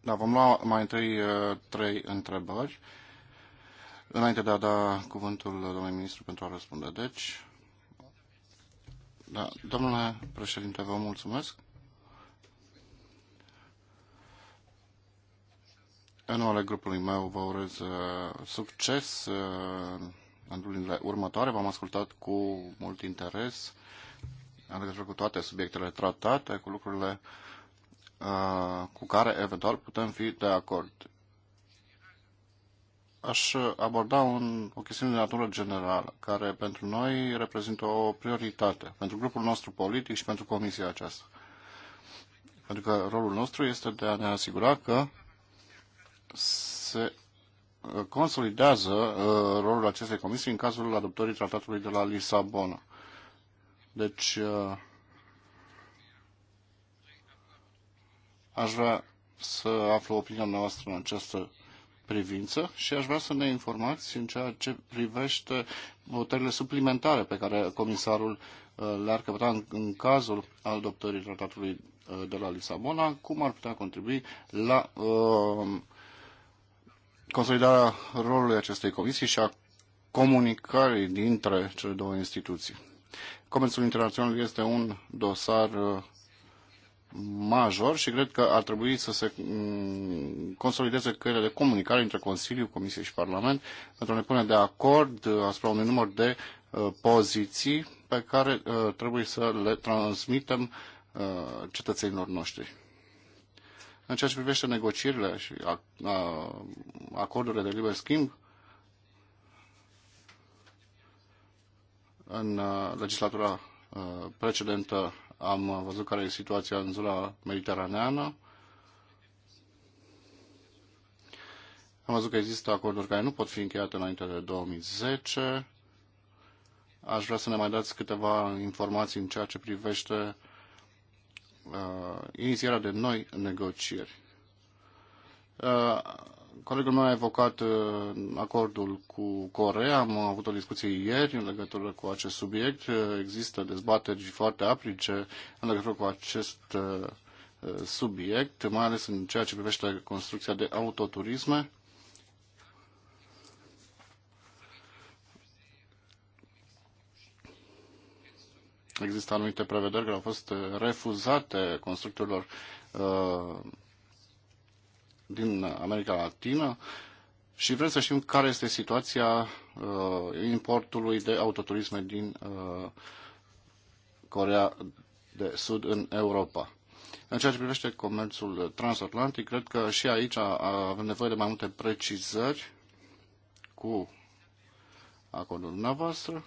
Da, vom lua mai întâi uh, trei întrebări. Înainte de a da cuvântul domnului ministru pentru a răspunde. Deci, da, domnule președinte, vă mulțumesc. În numele grupului meu vă urez uh, succes uh, în lunile următoare. V-am ascultat cu mult interes în legătură cu toate subiectele tratate, cu lucrurile uh, cu care eventual putem fi de acord. Aș aborda un, o chestiune de natură generală, care pentru noi reprezintă o prioritate, pentru grupul nostru politic și pentru comisia aceasta. Pentru că rolul nostru este de a ne asigura că se uh, consolidează uh, rolul acestei comisii în cazul adoptării tratatului de la Lisabona. Deci, uh, aș vrea să aflu opinia noastră în această privință și aș vrea să ne informați în ceea ce privește puterile suplimentare pe care comisarul le-ar căpăta în, în cazul adoptării tratatului de la Lisabona, cum ar putea contribui la uh, consolidarea rolului acestei comisii și a comunicării dintre cele două instituții. Comerțul internațional este un dosar uh, major și cred că ar trebui să se mm, consolideze căile de comunicare între Consiliu, Comisie și Parlament pentru a ne pune de acord uh, asupra unui număr de uh, poziții pe care trebuie să le transmitem cetățenilor noștri. În ceea ce privește negocierile și acordurile de liber schimb, în legislatura precedentă am văzut care e situația în zona mediteraneană. Am văzut că există acorduri care nu pot fi încheiate înainte de 2010. Aș vrea să ne mai dați câteva informații în ceea ce privește uh, inițierea de noi negocieri. Uh, colegul meu a evocat uh, acordul cu Corea. Am avut o discuție ieri în legătură cu acest subiect. Uh, există dezbateri foarte aprice în legătură cu acest uh, subiect, mai ales în ceea ce privește construcția de autoturisme. Există anumite prevederi care au fost uh, refuzate constructorilor uh, din America Latină și vrem să știm care este situația uh, importului de autoturisme din uh, Corea de Sud în Europa. În ceea ce privește comerțul transatlantic, cred că și aici avem nevoie de mai multe precizări cu acordul dumneavoastră.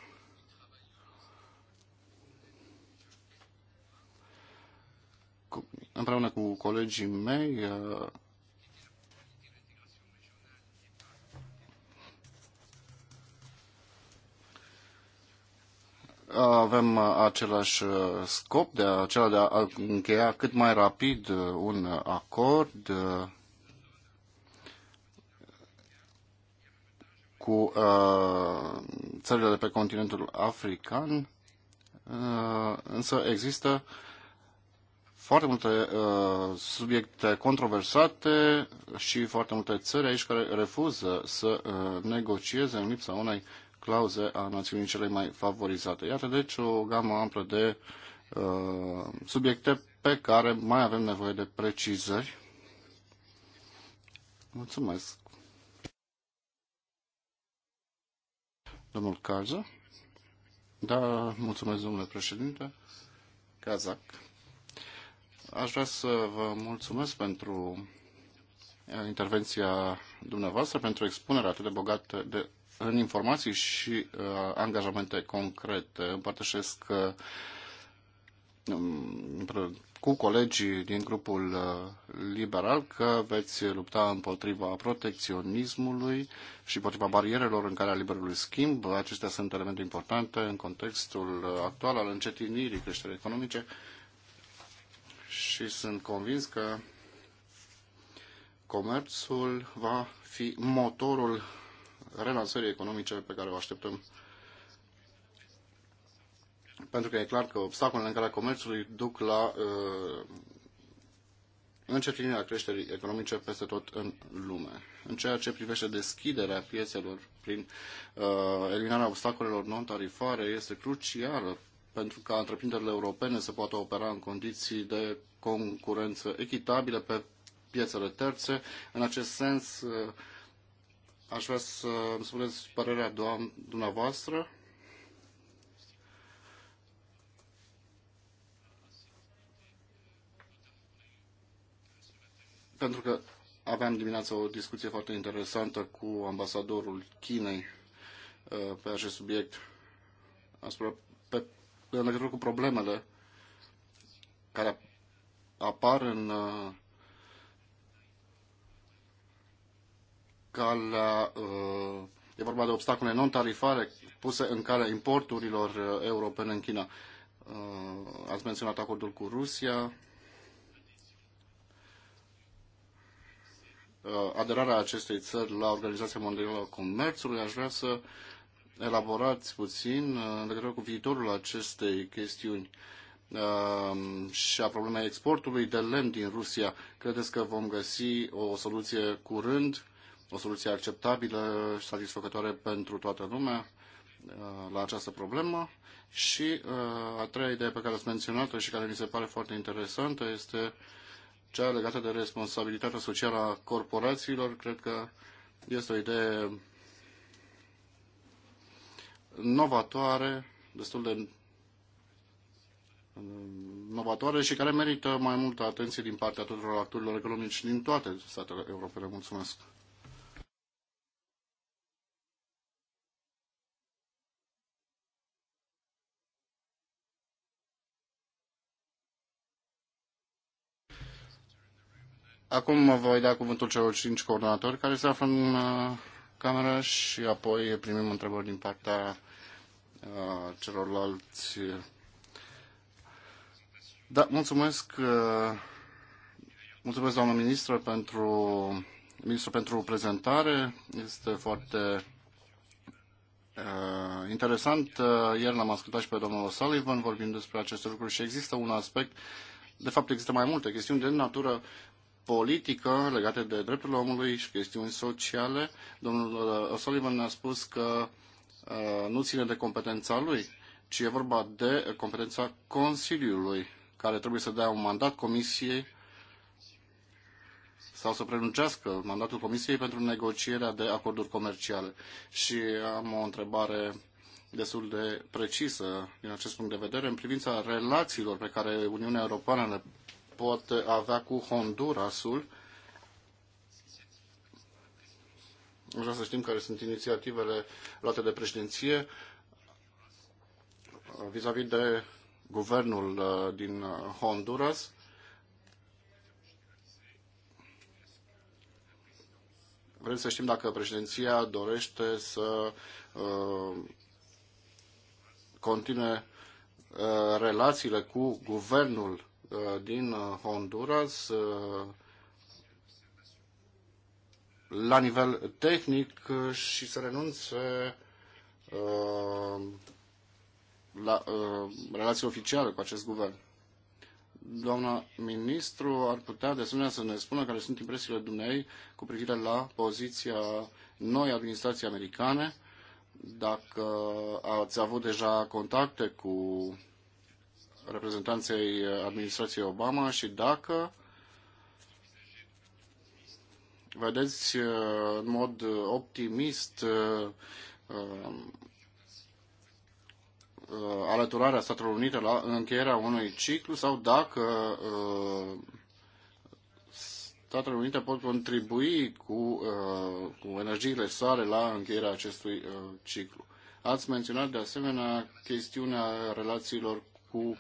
împreună cu colegii mei uh, avem același uh, scop de a, acela de a încheia cât mai rapid uh, un acord cu țările de pe continentul african, însă există uh, foarte multe uh, subiecte controversate și foarte multe țări aici care refuză să uh, negocieze în lipsa unei clauze a națiunii cele mai favorizate. Iată deci o gamă amplă de uh, subiecte pe care mai avem nevoie de precizări. Mulțumesc. Domnul Kaza. Da, mulțumesc, domnule președinte. Kazak. Aș vrea să vă mulțumesc pentru eh, intervenția dumneavoastră, pentru expunerea atât de bogată de, în informații și uh, angajamente concrete. Împărtășesc uh, cu colegii din grupul liberal că veți lupta împotriva protecționismului și împotriva barierelor în calea liberului schimb. Acestea sunt elemente importante în contextul actual al încetinirii creșterii economice și sunt convins că comerțul va fi motorul relansării economice pe care o așteptăm. Pentru că e clar că obstacolele în care comerțului duc la uh, încetinirea creșterii economice peste tot în lume. În ceea ce privește deschiderea piețelor prin uh, eliminarea obstacolelor non-tarifare este crucială pentru ca întreprinderile europene să poată opera în condiții de concurență echitabile pe piețele terțe. În acest sens, eh, aș vrea să îmi spuneți părerea dumneavoastră. Pentru că aveam dimineața o discuție foarte interesantă cu ambasadorul Chinei eh, pe acest subiect asupra pe în legătură cu problemele care apar în uh, calea, uh, e vorba de obstacole non-tarifare puse în calea importurilor uh, europene în China. Ați menționat acordul cu Rusia, aderarea acestei țări la Organizația Mondială a Comerțului. Aș vrea să elaborați puțin uh, în legătură cu viitorul acestei chestiuni uh, și a problemei exportului de lemn din Rusia. Credeți că vom găsi o soluție curând, o soluție acceptabilă și satisfăcătoare pentru toată lumea uh, la această problemă? Și a treia idee pe care ați menționat-o și care mi se pare foarte interesantă este cea legată de responsabilitatea socială a corporațiilor. Cred că este o idee novatoare, destul de uh, novatoare și care merită mai multă atenție din partea tuturor actorilor economici din toate statele europene. Mulțumesc! Acum voi da cuvântul celor cinci coordonatori care se află în uh, cameră și apoi primim întrebări din partea celorlalți. Da, mulțumesc, uh, mulțumesc doamnă ministră pentru, ministru pentru prezentare. Este foarte uh, interesant. Uh, ieri l-am ascultat și pe domnul Sullivan vorbind despre aceste lucruri și există un aspect, de fapt există mai multe chestiuni de natură politică legate de drepturile omului și chestiuni sociale. Domnul uh, O'Sullivan ne-a spus că uh, Uh, nu ține de competența lui, ci e vorba de competența Consiliului, care trebuie să dea un mandat Comisiei sau să prelungească mandatul Comisiei pentru negocierea de acorduri comerciale. Și am o întrebare destul de precisă din acest punct de vedere în privința relațiilor pe care Uniunea Europeană le poate avea cu Hondurasul Aș vrea să știm care sunt inițiativele luate de președinție vis-a-vis -vis de guvernul uh, din Honduras. Vrem să știm dacă președinția dorește să uh, continue uh, relațiile cu guvernul din Honduras la nivel tehnic și să renunțe uh, la uh, relații oficiale cu acest guvern. Doamna ministru ar putea de asemenea să ne spună care sunt impresiile dumnei cu privire la poziția noi administrații americane, dacă ați avut deja contacte cu reprezentanței administrației Obama și dacă vedeți uh, în mod uh, optimist uh, alăturarea Statelor Unite la încheierea unui ciclu sau dacă Statele Unite pot contribui cu, cu energiile sale la încheierea acestui ciclu. Ați menționat de asemenea chestiunea relațiilor cu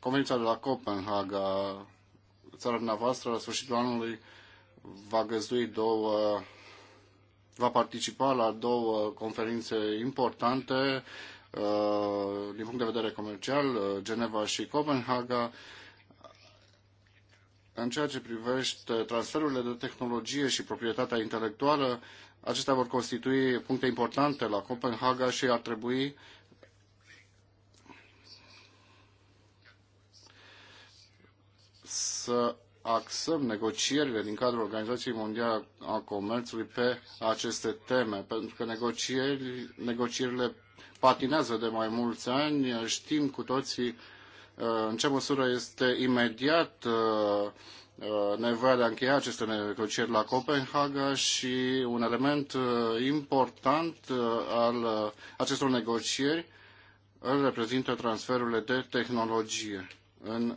Convenția de la Copenhaga, țara dumneavoastră, la sfârșitul anului va găzdui două va participa la două conferințe importante uh, din punct de vedere comercial, uh, Geneva și Copenhaga, în ceea ce privește transferurile de tehnologie și proprietatea intelectuală, acestea vor constitui puncte importante la Copenhaga și ar trebui să axăm negocierile din cadrul Organizației Mondiale a Comerțului pe aceste teme, pentru că negocieri, negocierile patinează de mai mulți ani, știm cu toții uh, în ce măsură este imediat uh, uh, nevoia de a încheia aceste negocieri la Copenhaga și un element important al acestor negocieri îl reprezintă transferurile de tehnologie în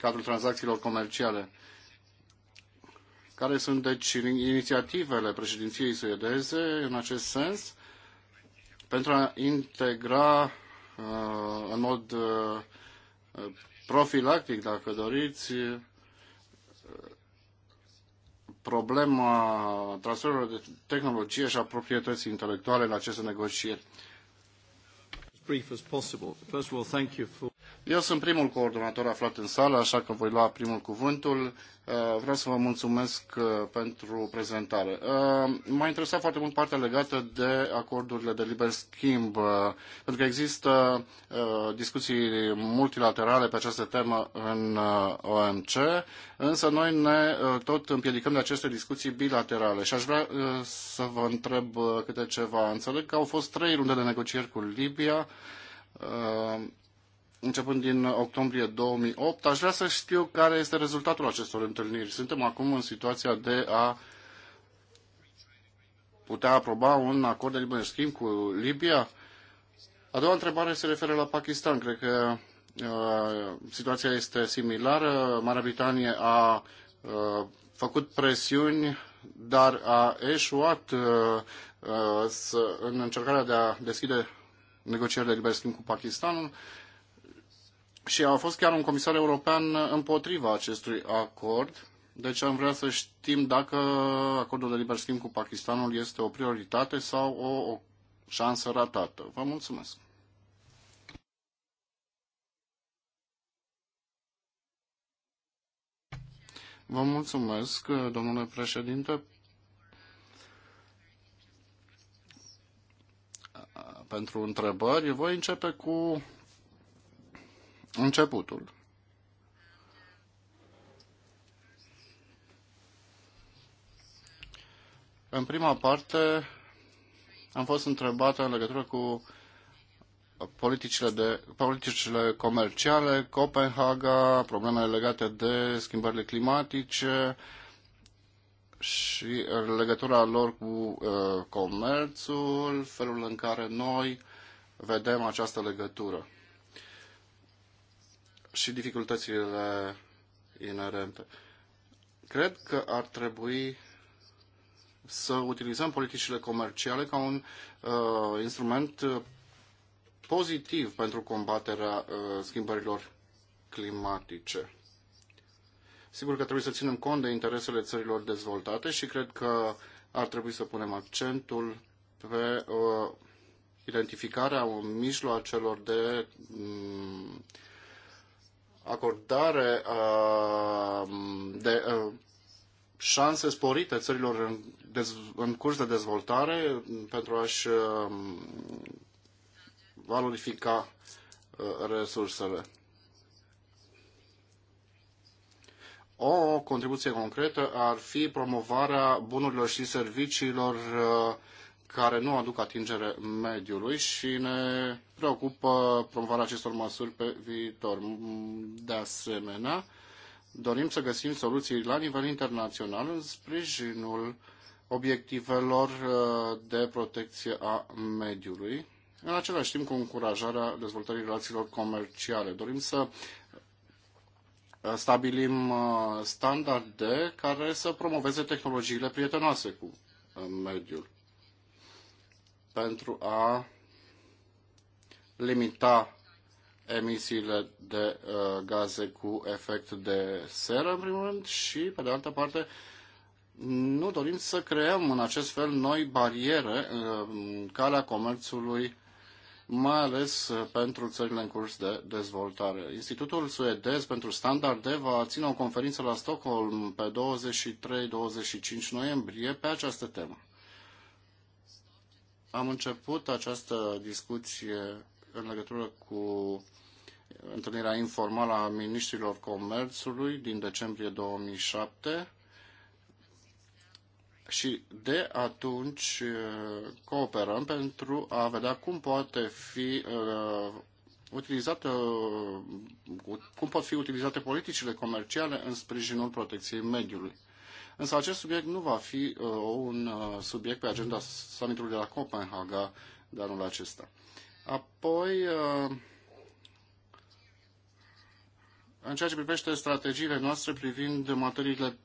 cadrul tranzacțiilor comerciale. Care sunt, deci, inițiativele președinției suedeze în acest sens pentru a integra uh, în mod uh, profilactic, dacă doriți, problema transferului de tehnologie și a proprietății intelectuale în aceste negocieri. Eu sunt primul coordonator aflat în sală, așa că voi lua primul cuvântul. Uh, vreau să vă mulțumesc uh, pentru prezentare. Uh, m-a interesat foarte mult partea legată de acordurile de liber schimb, pentru că există discuții multilaterale pe această temă în OMC, însă noi ne tot împiedicăm de aceste discuții bilaterale și aș vrea să vă întreb câte ceva. Înțeleg că au fost trei runde de negocieri cu Libia, începând din octombrie 2008. Aș vrea să știu care este rezultatul acestor întâlniri. Suntem acum în situația de a putea aproba un acord de liber schimb cu Libia. A doua întrebare se referă la Pakistan. Cred că uh, situația este similară. Marea Britanie a uh, făcut presiuni, dar a eșuat uh, uh să, în încercarea de a deschide negocieri de liber schimb cu Pakistanul și a fost chiar un comisar european împotriva acestui acord. Deci am vrea să știm dacă acordul de liber schimb cu Pakistanul este o prioritate sau o, o șansă ratată. Vă mulțumesc! Vă mulțumesc, domnule președinte, pentru întrebări. Voi începe cu începutul. În prima parte am fost întrebată în legătură cu politicile, de, politicile comerciale, Copenhaga, problemele legate de schimbările climatice și legătura lor cu uh, comerțul, felul în care noi vedem această legătură și dificultățile inerente. Cred că ar trebui să utilizăm politicile comerciale ca un uh, instrument uh, pozitiv pentru combaterea uh, schimbărilor climatice. Sigur că trebuie să ținem cont de interesele țărilor dezvoltate și cred că ar trebui să punem accentul pe uh, identificarea mijloacelor de um, acordare uh, de uh, șanse sporite țărilor în, în curs de dezvoltare pentru a-și uh, valorifica resursele. O contribuție concretă ar fi promovarea bunurilor și serviciilor uh, care nu aduc atingere mediului și ne preocupă promovarea acestor măsuri pe viitor. De asemenea, dorim să găsim soluții la nivel internațional în sprijinul obiectivelor uh, de protecție a mediului, în același timp cu încurajarea dezvoltării relațiilor comerciale. Dorim să uh, stabilim uh, standarde care să promoveze tehnologiile prietenoase cu mediul pentru a limita emisiile de uh, gaze cu efect de seră, în primul rând, și, pe de altă parte, nu dorim să creăm în acest fel noi bariere uh, în calea comerțului, mai ales uh, pentru țările în curs de dezvoltare. Institutul suedez pentru standarde va ține o conferință la Stockholm pe 23-25 noiembrie pe această temă. Am început această discuție în legătură cu întâlnirea informală a ministrilor comerțului din decembrie 2007 și de atunci uh, cooperăm pentru a vedea cum poate fi uh, utilizată, uh, cum pot fi utilizate politicile comerciale în sprijinul protecției mediului. Însă acest subiect nu va fi uh, un uh, subiect pe agenda summitului de la Copenhaga de anul acesta. Apoi, uh, în ceea ce privește strategiile noastre privind materiile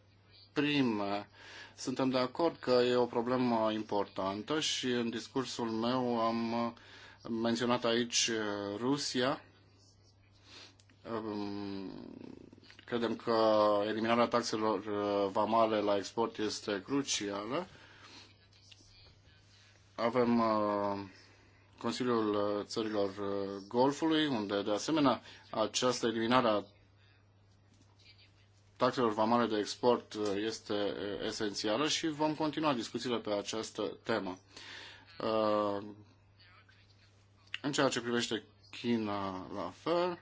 prime, suntem de acord că e o problemă importantă și în discursul meu am menționat aici Rusia. Um, Credem că eliminarea taxelor uh, vamale la export este crucială. Avem uh, Consiliul uh, Țărilor Golfului, unde de asemenea această eliminare a taxelor vamale de export este esențială și vom continua discuțiile pe această temă. În ceea ce privește China, la fel.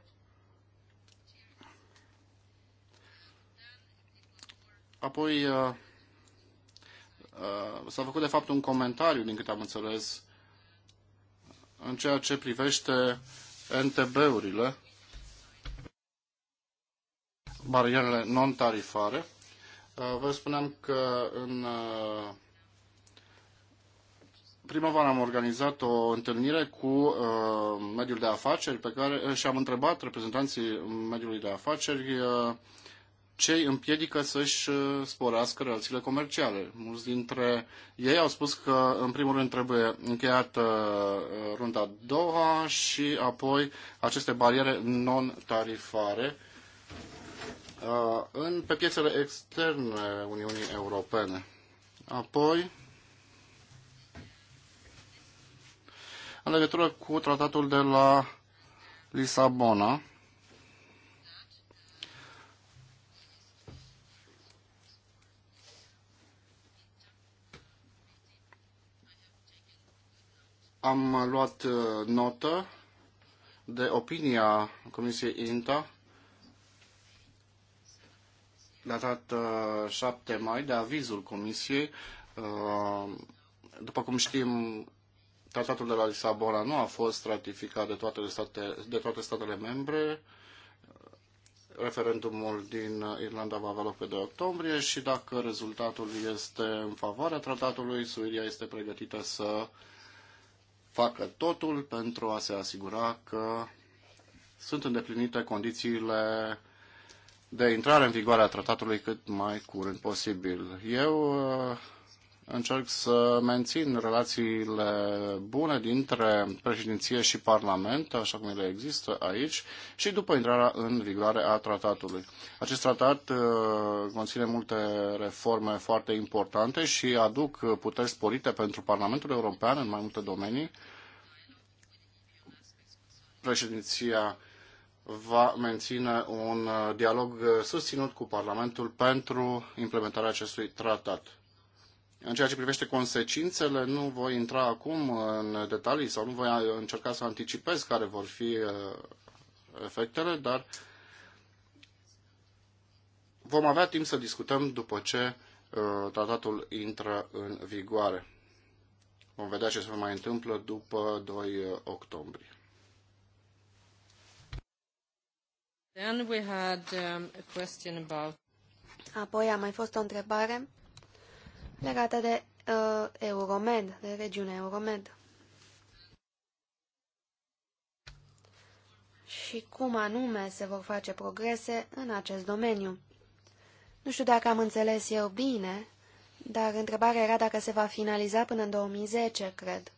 Apoi uh, uh, s-a făcut de fapt un comentariu, din câte am înțeles, în ceea ce privește NTB-urile, barierele non-tarifare. Uh, vă spuneam că în primăvară am organizat o întâlnire cu mediul de afaceri pe care și am întrebat reprezentanții mediului de afaceri ce îi împiedică să-și uh, sporească relațiile comerciale. Mulți dintre ei au spus că, în primul rând, trebuie încheiată uh, runda Doha și apoi aceste bariere non-tarifare uh, în, pe piețele externe Uniunii Europene. Apoi, în legătură cu tratatul de la Lisabona, Am luat uh, notă de opinia Comisiei INTA datat uh, 7 mai de avizul Comisiei. Uh, după cum știm, tratatul de la Lisabona nu a fost ratificat de toate, state, de toate statele membre. Referendumul din Irlanda va avea loc pe 2 octombrie și dacă rezultatul este în favoarea tratatului, Suedia este pregătită să facă totul pentru a se asigura că sunt îndeplinite condițiile de intrare în vigoare a tratatului cât mai curând posibil. Eu încerc să mențin relațiile bune dintre președinție și Parlament, așa cum ele există aici, și după intrarea în vigoare a tratatului. Acest tratat uh, conține multe reforme foarte importante și aduc puteri sporite pentru Parlamentul European în mai multe domenii. Președinția va menține un uh, dialog uh, susținut cu Parlamentul pentru implementarea acestui tratat. În ceea ce privește consecințele, nu voi intra acum în detalii sau nu voi încerca să anticipez care vor fi uh, efectele, dar vom avea timp să discutăm după ce uh, tratatul intră în vigoare. Vom vedea ce se mai întâmplă după 2 uh, octombrie. Then we had, um, a question about... Apoi a mai fost o întrebare legate de uh, Euromed, de regiunea Euromed. Și cum anume se vor face progrese în acest domeniu. Nu știu dacă am înțeles eu bine, dar întrebarea era dacă se va finaliza până în 2010, cred.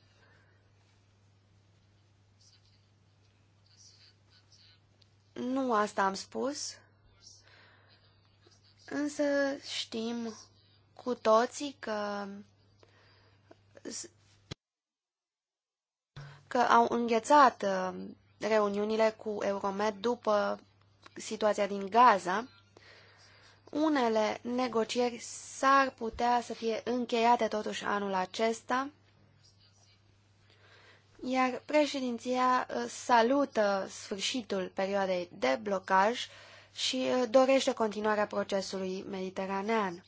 Nu asta am spus, însă știm cu toții că că au înghețat uh, reuniunile cu Euromed după situația din Gaza. Unele negocieri s-ar putea să fie încheiate totuși anul acesta, iar președinția uh, salută sfârșitul perioadei de blocaj și uh, dorește continuarea procesului mediteranean.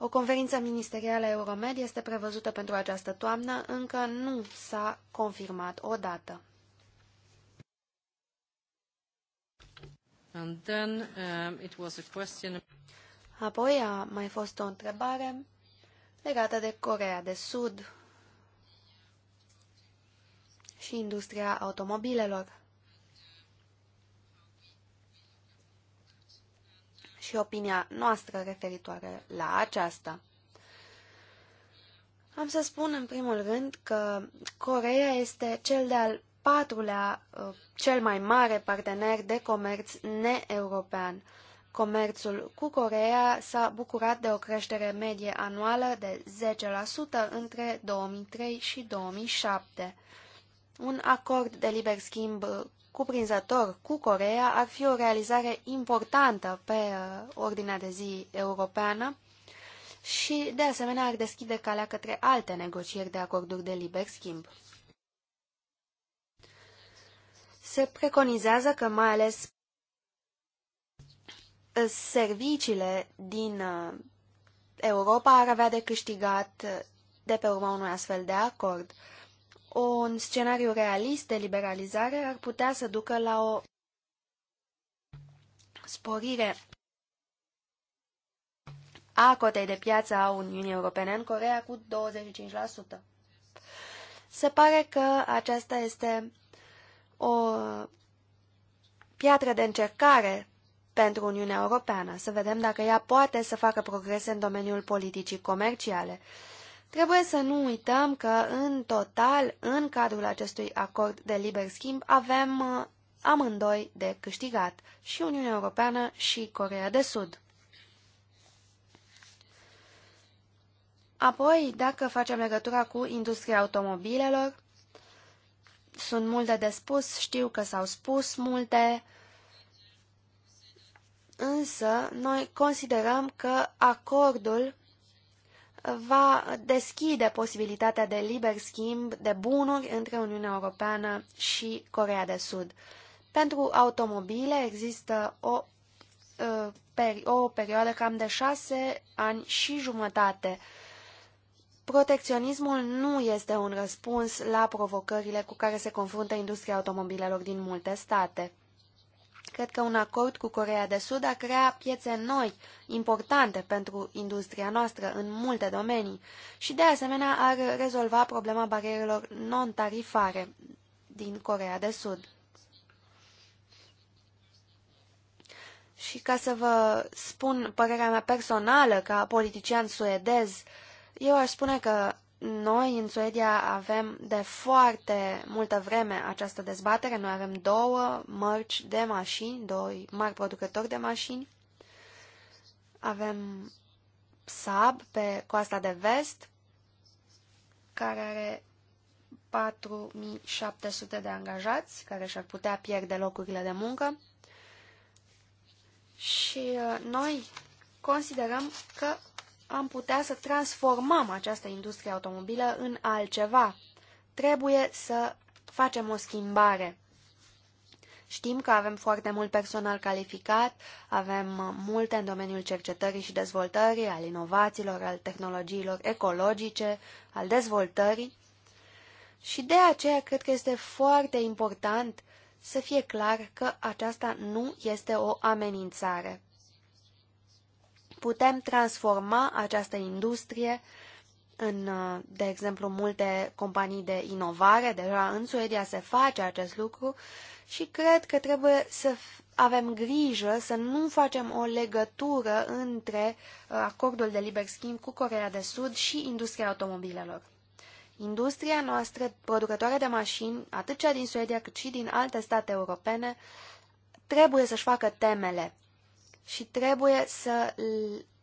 O conferință ministerială Euromed este prevăzută pentru această toamnă, încă nu s-a confirmat o dată. And then, um, it was a question... Apoi a mai fost o întrebare legată de Corea de Sud și industria automobilelor. și opinia noastră referitoare la aceasta. Am să spun în primul rând că Coreea este cel de-al patrulea, uh, cel mai mare partener de comerț neeuropean. Comerțul cu Coreea s-a bucurat de o creștere medie anuală de 10% între 2003 și 2007. Un acord de liber schimb cuprinzător cu Corea ar fi o realizare importantă pe uh, ordinea de zi europeană și, de asemenea, ar deschide calea către alte negocieri de acorduri de liber schimb. Se preconizează că mai ales uh, serviciile din uh, Europa ar avea de câștigat de pe urma unui astfel de acord un scenariu realist de liberalizare ar putea să ducă la o sporire a cotei de piață a Uniunii Europene în Corea cu 25%. Se pare că aceasta este o piatră de încercare pentru Uniunea Europeană, să vedem dacă ea poate să facă progrese în domeniul politicii comerciale. Trebuie să nu uităm că, în total, în cadrul acestui acord de liber schimb, avem uh, amândoi de câștigat, și Uniunea Europeană și Corea de Sud. Apoi, dacă facem legătura cu industria automobilelor, sunt multe de spus, știu că s-au spus multe, însă noi considerăm că acordul va deschide posibilitatea de liber schimb de bunuri între Uniunea Europeană și Corea de Sud. Pentru automobile există o, uh, o perioadă cam de șase ani și jumătate. Protecționismul nu este un răspuns la provocările cu care se confruntă industria automobilelor din multe state. Cred că un acord cu Corea de Sud a crea piețe noi, importante pentru industria noastră în multe domenii și de asemenea ar rezolva problema barierelor non-tarifare din Corea de Sud. Și ca să vă spun părerea mea personală ca politician suedez, eu aș spune că noi, în Suedia, avem de foarte multă vreme această dezbatere. Noi avem două mărci de mașini, doi mari producători de mașini. Avem Saab pe coasta de vest, care are 4700 de angajați care și-ar putea pierde locurile de muncă. Și uh, noi considerăm că am putea să transformăm această industrie automobilă în altceva. Trebuie să facem o schimbare. Știm că avem foarte mult personal calificat, avem multe în domeniul cercetării și dezvoltării, al inovațiilor, al tehnologiilor ecologice, al dezvoltării. Și de aceea cred că este foarte important să fie clar că aceasta nu este o amenințare. Putem transforma această industrie în, uh, de exemplu, multe companii de inovare, deja în Suedia se face acest lucru și cred că trebuie să avem grijă să nu facem o legătură între uh, acordul de liber schimb cu Corea de Sud și industria automobilelor. Industria noastră producătoare de mașini, atât cea din Suedia cât și din alte state europene, trebuie să-și facă temele și trebuie să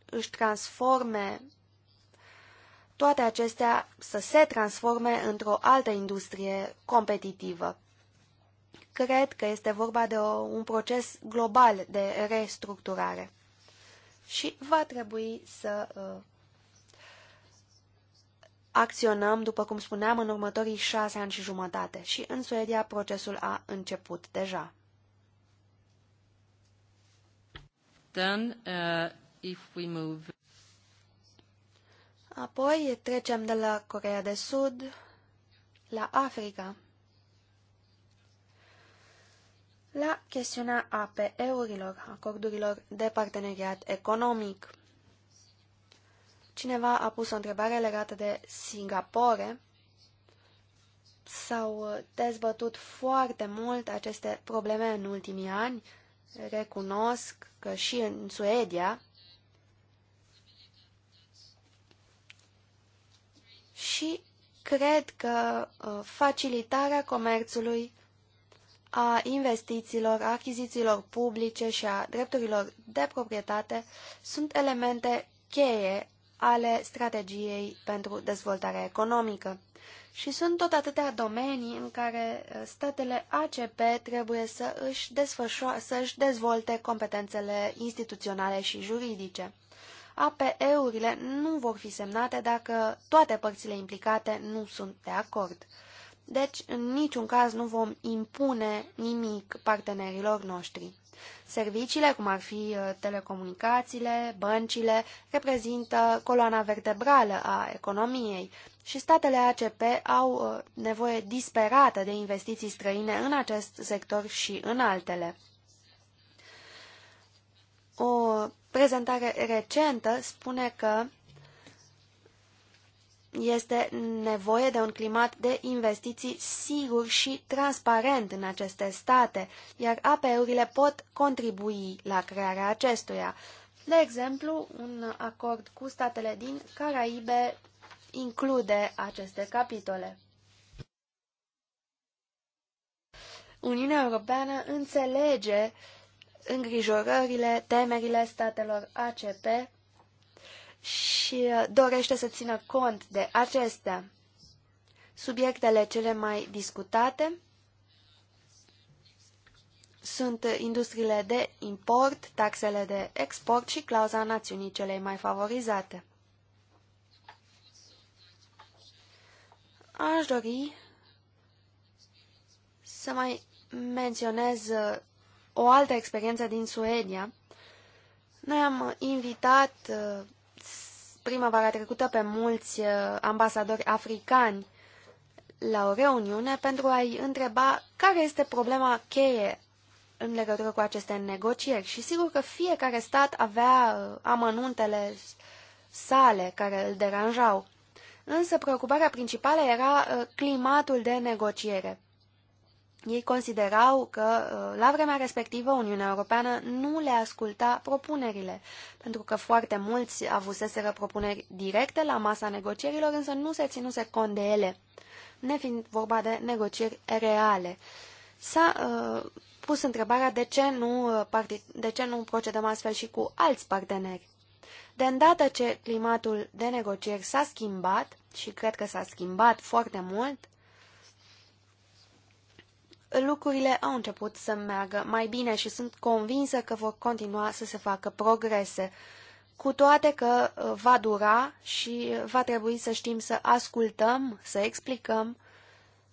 își transforme toate acestea să se transforme într-o altă industrie competitivă. Cred că este vorba de o, un proces global de restructurare și va trebui să uh, acționăm, după cum spuneam, în următorii șase ani și jumătate și în Suedia procesul a început deja. Uh, Apoi trecem de la Corea de Sud la Africa. La chestiunea APE-urilor, acordurilor de parteneriat economic. Cineva a pus o întrebare legată de Singapore. S-au dezbătut foarte mult aceste probleme în ultimii ani recunosc că și în Suedia și cred că uh, facilitarea comerțului a investițiilor, a achizițiilor publice și a drepturilor de proprietate sunt elemente cheie ale strategiei pentru dezvoltarea economică. Și sunt tot atâtea domenii în care uh, statele ACP trebuie să își, să își dezvolte competențele instituționale și juridice. APE-urile nu vor fi semnate dacă toate părțile implicate nu sunt de acord. Deci, în niciun caz nu vom impune nimic partenerilor noștri. Serviciile, cum ar fi uh, telecomunicațiile, băncile, reprezintă coloana vertebrală a economiei și statele ACP au uh, nevoie disperată de investiții străine în acest sector și în altele. O prezentare recentă spune că este nevoie de un climat de investiții sigur și transparent în aceste state, iar APE-urile pot contribui la crearea acestuia. De exemplu, un acord cu statele din Caraibe include aceste capitole. Uniunea Europeană înțelege îngrijorările, temerile statelor ACP și uh, dorește să țină cont de acestea. Subiectele cele mai discutate sunt industriile de import, taxele de export și clauza națiunii celei mai favorizate. Aș dori să mai menționez uh, o altă experiență din Suedia. Noi am invitat uh, primăvara trecută pe mulți uh, ambasadori africani la o reuniune pentru a-i întreba care este problema cheie în legătură cu aceste negocieri. Și sigur că fiecare stat avea uh, amănuntele sale care îl deranjau. Însă preocuparea principală era uh, climatul de negociere. Ei considerau că uh, la vremea respectivă Uniunea Europeană nu le asculta propunerile, pentru că foarte mulți avuseseră propuneri directe la masa negocierilor, însă nu se ținuse cont de ele, nefiind vorba de negocieri reale. S-a uh, pus întrebarea de ce, nu, uh, de ce nu procedăm astfel și cu alți parteneri. De îndată ce climatul de negocieri s-a schimbat, și cred că s-a schimbat foarte mult, lucrurile au început să meargă mai bine și sunt convinsă că vor continua să se facă progrese, cu toate că uh, va dura și uh, va trebui să știm să ascultăm, să explicăm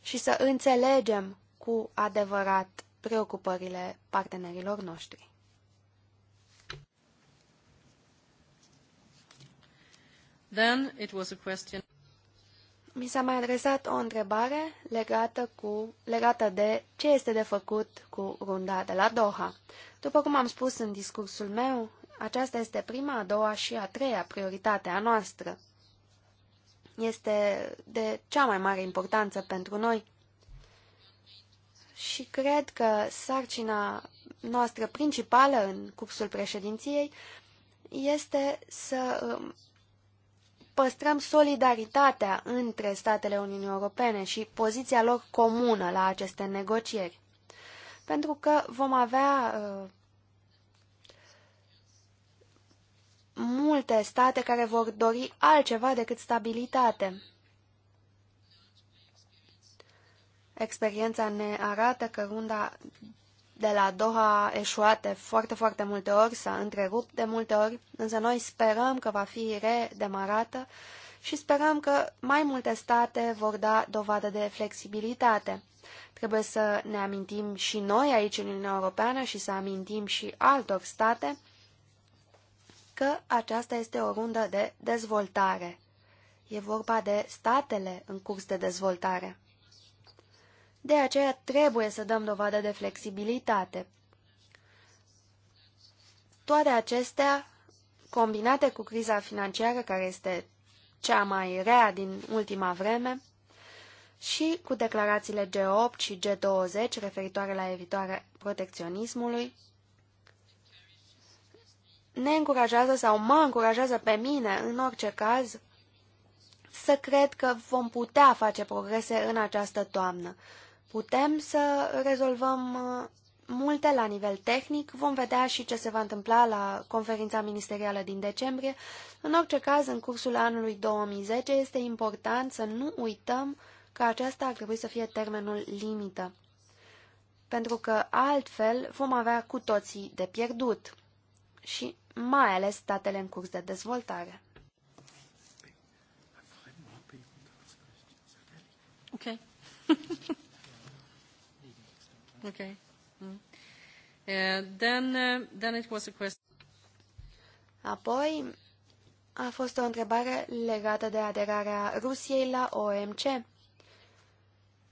și să înțelegem cu adevărat preocupările partenerilor noștri. Then it was a question. Mi s-a mai adresat o întrebare legată, cu, legată de ce este de făcut cu runda de la Doha. După cum am spus în discursul meu, aceasta este prima, a doua și a treia prioritate a noastră. Este de cea mai mare importanță pentru noi și cred că sarcina noastră principală în cursul președinției este să um, păstrăm solidaritatea între statele Uniunii Europene și poziția lor comună la aceste negocieri. Pentru că vom avea uh, multe state care vor dori altceva decât stabilitate. Experiența ne arată că runda de la Doha eșuate foarte, foarte multe ori, s-a întrerupt de multe ori, însă noi sperăm că va fi redemarată și sperăm că mai multe state vor da dovadă de flexibilitate. Trebuie să ne amintim și noi aici în Uniunea Europeană și să amintim și altor state că aceasta este o rundă de dezvoltare. E vorba de statele în curs de dezvoltare. De aceea trebuie să dăm dovadă de flexibilitate. Toate acestea, combinate cu criza financiară, care este cea mai rea din ultima vreme, și cu declarațiile G8 și G20 referitoare la evitarea protecționismului, ne încurajează sau mă încurajează pe mine, în orice caz, să cred că vom putea face progrese în această toamnă Putem să rezolvăm uh, multe la nivel tehnic, vom vedea și ce se va întâmpla la conferința ministerială din decembrie. În orice caz, în cursul anului 2010 este important să nu uităm că acesta ar trebui să fie termenul limită, pentru că altfel vom avea cu toții de pierdut și mai ales statele în curs de dezvoltare. Okay. (laughs) Okay. Mm. Uh, then, uh, then it was a question. Apoi a fost o întrebare legată de aderarea Rusiei la OMC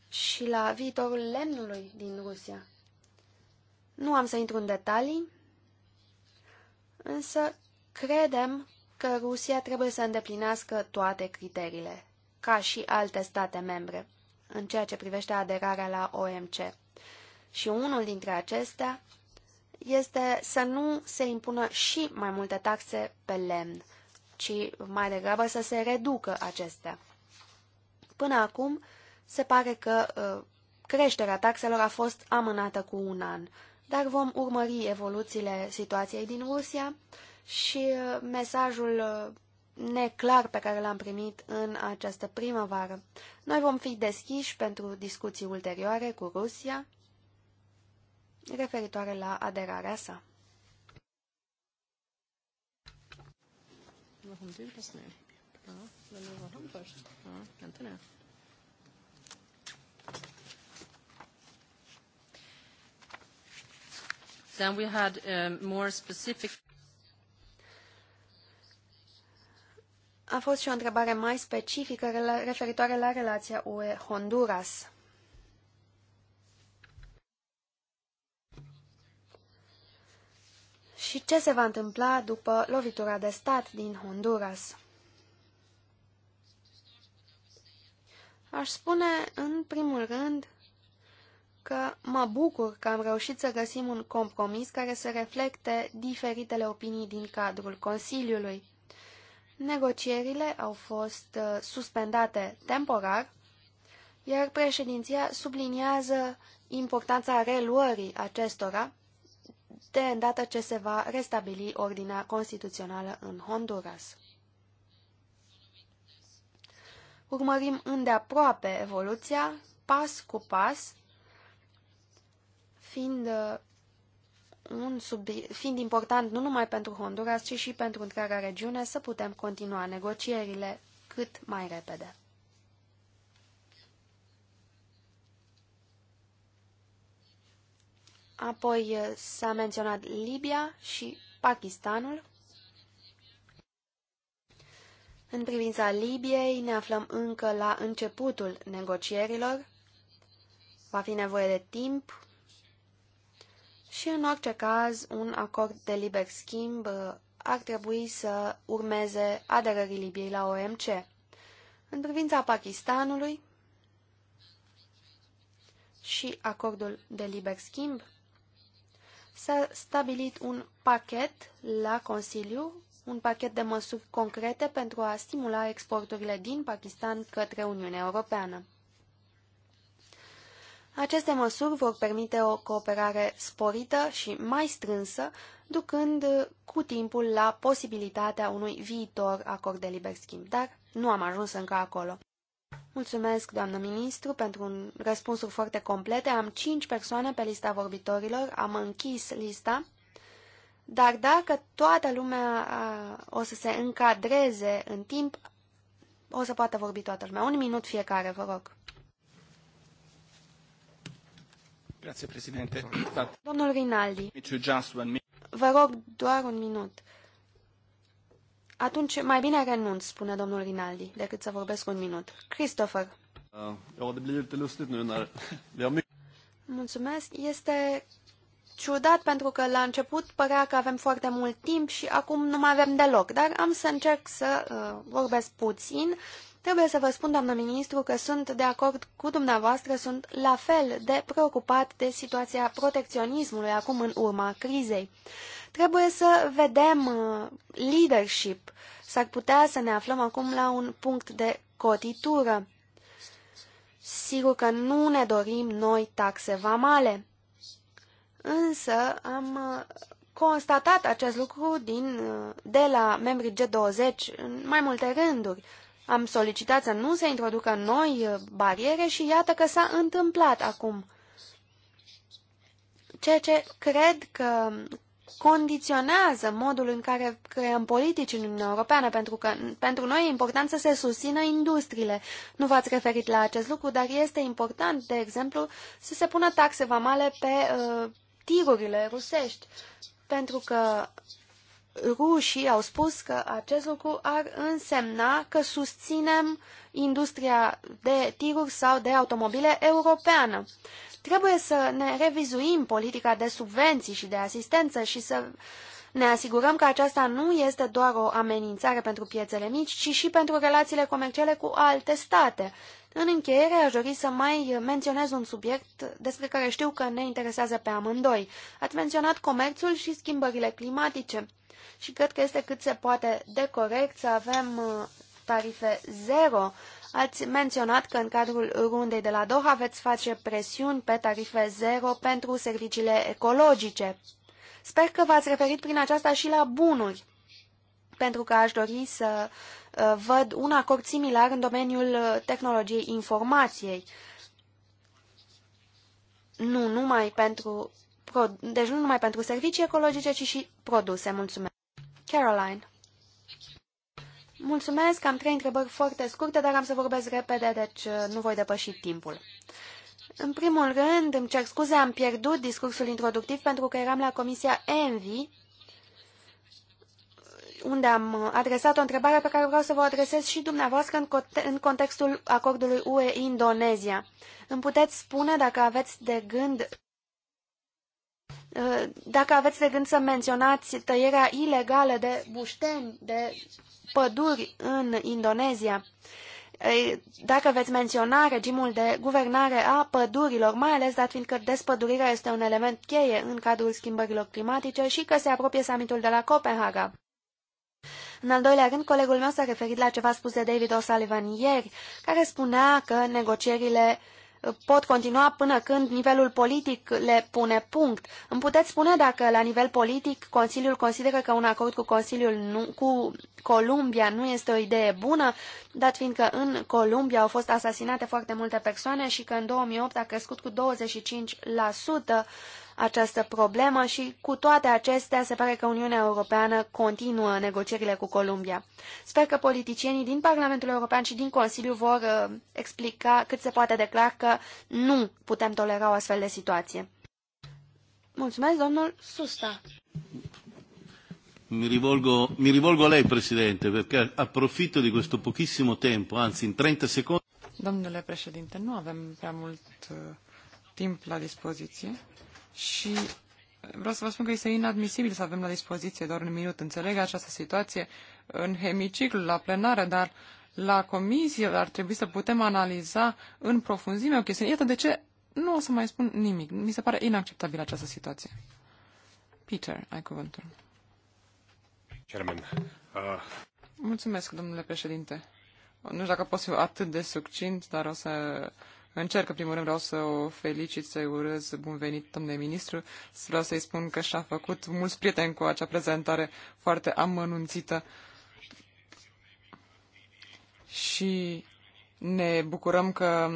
și la viitorul lemnului din Rusia. Nu am să intru în detalii, însă credem că Rusia trebuie să îndeplinească toate criteriile, ca și alte state membre, în ceea ce privește aderarea la OMC. Și unul dintre acestea este să nu se impună și mai multe taxe pe lemn, ci mai degrabă să se reducă acestea. Până acum, se pare că ă, creșterea taxelor a fost amânată cu un an, dar vom urmări evoluțiile situației din Rusia și ă, mesajul ă, neclar pe care l-am primit în această primăvară. Noi vom fi deschiși pentru discuții ulterioare cu Rusia, referitoare la aderarea sa. Then we had um, more specific A fost și o întrebare mai specifică referitoare la relația UE-Honduras. și ce se va întâmpla după lovitura de stat din Honduras. Aș spune, în primul rând, că mă bucur că am reușit să găsim un compromis care să reflecte diferitele opinii din cadrul Consiliului. Negocierile au fost uh, suspendate temporar, iar președinția subliniază importanța reluării acestora de îndată ce se va restabili ordinea constituțională în Honduras. Urmărim îndeaproape evoluția, pas cu pas, fiind, uh, un sub fiind important nu numai pentru Honduras, ci și pentru întreaga regiune, să putem continua negocierile cât mai repede. Apoi eh, s-a menționat Libia și Pakistanul. În privința Libiei ne aflăm încă la începutul negocierilor. Va fi nevoie de timp și, în orice caz, un acord de liber schimb eh, ar trebui să urmeze aderării Libiei la OMC. În privința Pakistanului și acordul de liber schimb, s-a stabilit un pachet la Consiliu, un pachet de măsuri concrete pentru a stimula exporturile din Pakistan către Uniunea Europeană. Aceste măsuri vor permite o cooperare sporită și mai strânsă, ducând cu timpul la posibilitatea unui viitor acord de liber schimb, dar nu am ajuns încă acolo. Mulțumesc, doamnă ministru, pentru un răspunsuri foarte complete. Am cinci persoane pe lista vorbitorilor, am închis lista, dar dacă toată lumea o să se încadreze în timp, o să poată vorbi toată lumea. Un minut fiecare, vă rog. Grazie, președinte. Domnul Rinaldi, vă rog doar un minut. Atunci, mai bine renunț, spune domnul Rinaldi, decât să vorbesc un minut. Christopher. Mulțumesc. Este ciudat pentru că la început părea că avem foarte mult timp și acum nu mai avem deloc, dar am să încerc să uh, vorbesc puțin. Trebuie să vă spun, doamnă ministru, că sunt de acord cu dumneavoastră, sunt la fel de preocupat de situația protecționismului acum în urma crizei. Uh, Trebuie să vedem uh, leadership. S-ar putea să ne aflăm acum la un punct de cotitură. Sigur că nu ne dorim noi taxe vamale. Însă am uh, constatat acest lucru din, uh, de la membrii G20 în mai multe rânduri. Am solicitat să nu se introducă noi bariere și iată că s-a întâmplat acum. Ceea ce cred că condiționează modul în care creăm politici în Uniunea Europeană, pentru că pentru noi e important să se susțină industriile. Nu v-ați referit la acest lucru, dar este important, de exemplu, să se pună taxe vamale pe uh, tirurile rusești, pentru că rușii au spus că acest lucru ar însemna că susținem industria de tiruri sau de automobile europeană. Trebuie să ne revizuim politica de subvenții și de asistență și să ne asigurăm că aceasta nu este doar o amenințare pentru piețele mici, ci și pentru relațiile comerciale cu alte state. În încheiere, aș dori să mai menționez un subiect despre care știu că ne interesează pe amândoi. Ați menționat comerțul și schimbările climatice și cred că este cât se poate de corect să avem uh, tarife zero Ați menționat că în cadrul rundei de la Doha veți face presiuni pe tarife zero pentru serviciile ecologice. Sper că v-ați referit prin aceasta și la bunuri, pentru că aș dori să uh, văd un acord similar în domeniul uh, tehnologiei informației. Nu numai pentru, deci nu numai pentru servicii ecologice, ci și produse. Mulțumesc. Caroline. Mulțumesc, am trei întrebări foarte scurte, dar am să vorbesc repede, deci uh, nu voi depăși timpul. În primul rând, îmi cer scuze, am pierdut discursul introductiv pentru că eram la Comisia ENVI, unde am uh, adresat o întrebare pe care vreau să vă adresez și dumneavoastră în, în contextul acordului UE-Indonezia. Îmi puteți spune dacă aveți de gând Eh, dacă aveți de gând să menționați tăierea ilegală de bușteni, de păduri în Indonezia, eh, dacă veți menționa regimul de guvernare a pădurilor, mai ales dat fiindcă despădurirea este un element cheie în cadrul schimbărilor climatice și că se apropie summitul de la Copenhaga. În al doilea rând, colegul meu s-a referit la ceva spus de David O'Sullivan ieri, care spunea că negocierile uh, pot continua până când nivelul politic le pune punct. Îmi puteți spune dacă la nivel politic Consiliul consideră că un acord cu Consiliul nu, cu Columbia nu este o idee bună, dat fiindcă în Columbia au fost asasinate foarte multe persoane și că în 2008 a crescut cu 25% această problemă și cu toate acestea se pare că Uniunea Europeană continuă negocierile cu Columbia. Sper că politicienii din Parlamentul European și din Consiliu vor uh, explica cât se poate declar că nu putem tolera o astfel de situație. Mulțumesc, domnul Susta. Mi rivolgo, mi rivolgo a lei, Presidente, perché approfitto di questo pochissimo tempo, anzi in 30 secondi. Domnule președinte, nu avem prea mult uh, timp la dispoziție și vreau să vă spun că este inadmisibil să avem la dispoziție doar un minut. Înțeleg această situație în hemiciclu, la plenară, dar la comisie ar trebui să putem analiza în profunzime o chestiune. Iată de ce nu o să mai spun nimic. Mi se pare inacceptabilă această situație. Peter, ai cuvântul. Chairman. Uh... Mulțumesc, domnule președinte. Nu știu dacă pot fi atât de succint, dar o să încerc. În primul rând vreau să o felicit, să-i urez bun venit, domnule ministru. Vreau să-i spun că și-a făcut mulți prieteni cu acea prezentare foarte amănunțită. Și ne bucurăm că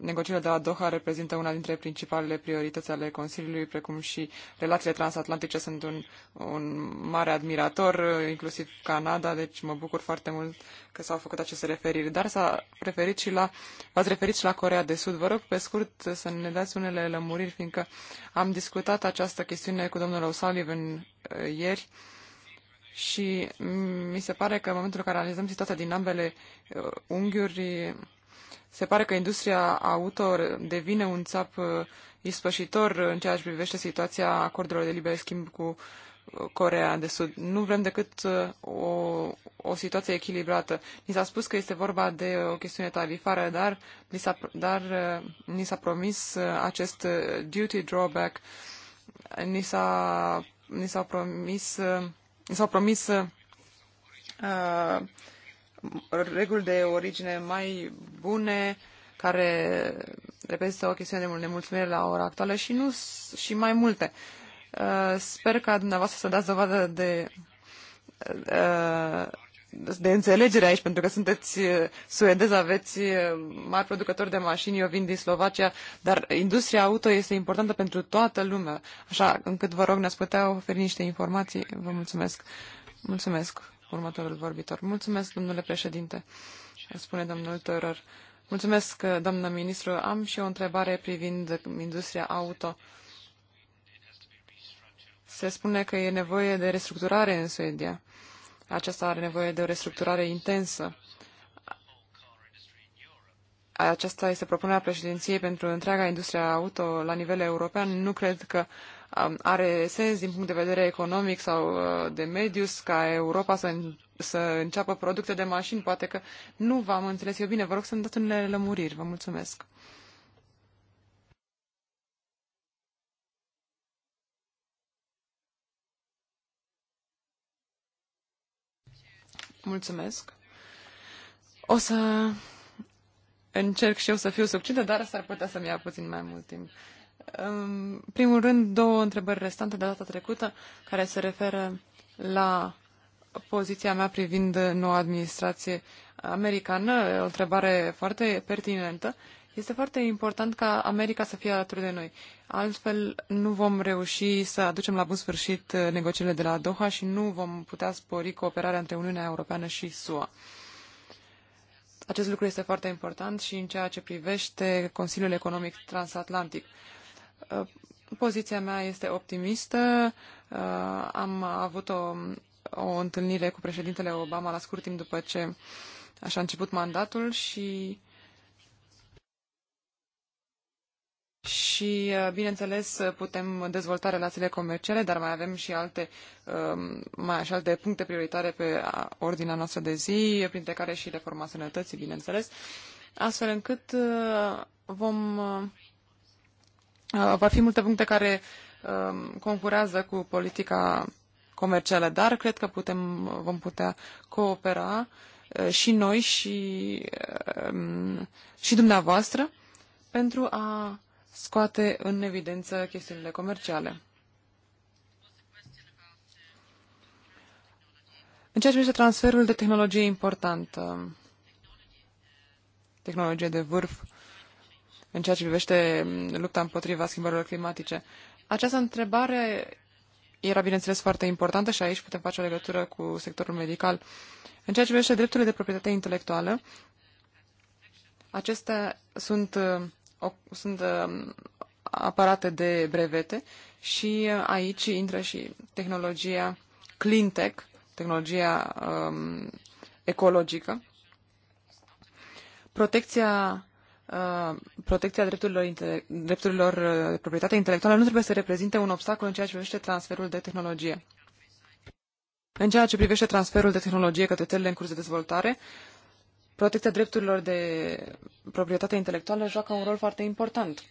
negocierile de la Doha reprezintă una dintre principalele priorități ale Consiliului, precum și relațiile transatlantice sunt un, un mare admirator, inclusiv Canada, deci mă bucur foarte mult că s-au făcut aceste referiri. Dar s-a referit și la, v-ați referit și la Corea de Sud. Vă rog pe scurt să ne dați unele lămuriri, fiindcă am discutat această chestiune cu domnul O'Sullivan uh, ieri și mi se pare că în momentul în care analizăm situația din ambele uh, unghiuri, se pare că industria auto devine un țap uh, ispășitor în ceea ce privește situația acordurilor de liber schimb cu uh, Corea de Sud. Nu vrem decât o, o situație echilibrată. Ni s-a spus că este vorba de o chestiune tarifară, dar ni s-a, dar, ni s-a promis acest duty drawback, ni, s-a, ni s-au promis s-au promis uh, reguli de origine mai bune, care reprezintă o chestiune de nemulțumire la ora actuală și, nu, și mai multe. Uh, sper ca dumneavoastră să dați dovadă de uh, de înțelegere aici, pentru că sunteți uh, suedez, aveți uh, mari producători de mașini, eu vin din Slovacia, dar industria auto este importantă pentru toată lumea, așa încât vă rog ne-ați putea oferi niște informații. Vă mulțumesc. Mulțumesc, următorul vorbitor. Mulțumesc, domnule președinte, spune domnul Tărăr. Mulțumesc, uh, doamnă ministru. Am și o întrebare privind industria auto. Se spune că e nevoie de restructurare în Suedia aceasta are nevoie de o restructurare intensă. Aceasta este propunerea președinției pentru întreaga industrie auto la nivel european. Nu cred că um, are sens din punct de vedere economic sau uh, de mediu ca Europa să, să înceapă producte de mașini. Poate că nu v-am înțeles eu bine. Vă rog să-mi dați unele lămuriri. Vă mulțumesc. Mulțumesc. O să încerc și eu să fiu succintă, dar s-ar putea să-mi ia puțin mai mult timp. În primul rând, două întrebări restante de data trecută, care se referă la poziția mea privind noua administrație americană, o întrebare foarte pertinentă este foarte important ca America să fie alături de noi. Altfel nu vom reuși să aducem la bun sfârșit uh, negocierile de la Doha și nu vom putea spori cooperarea între Uniunea Europeană și SUA. Acest lucru este foarte important și în ceea ce privește Consiliul Economic Transatlantic. Uh, poziția mea este optimistă. Uh, am avut o, o întâlnire cu președintele Obama la scurt timp după ce așa a început mandatul și uh, Și, uh, bineînțeles, putem dezvolta relațiile comerciale, dar mai avem și alte, um, mai așa alte puncte prioritare pe ordinea noastră de zi, printre care și reforma sănătății, bineînțeles, astfel încât uh, vom, uh, Va fi multe puncte care um, concurează cu politica comercială, dar cred că putem, vom putea coopera și noi și, um, și dumneavoastră pentru a scoate în evidență chestiunile comerciale. În ceea ce privește transferul de tehnologie importantă, tehnologie de vârf, în ceea ce privește lupta împotriva schimbărilor climatice, această întrebare era, bineînțeles, foarte importantă și aici putem face o legătură cu sectorul medical. În ceea ce privește drepturile de proprietate intelectuală, acestea sunt sunt um, aparate de brevete și aici intră și tehnologia clean tech, tehnologia um, ecologică. Protecția, uh, protecția drepturilor, intele- drepturilor uh, de proprietate intelectuală nu trebuie să reprezinte un obstacol în ceea ce privește transferul de tehnologie. În ceea ce privește transferul de tehnologie către țările în curs de dezvoltare, protecția drepturilor de proprietate intelectuală joacă un rol foarte important.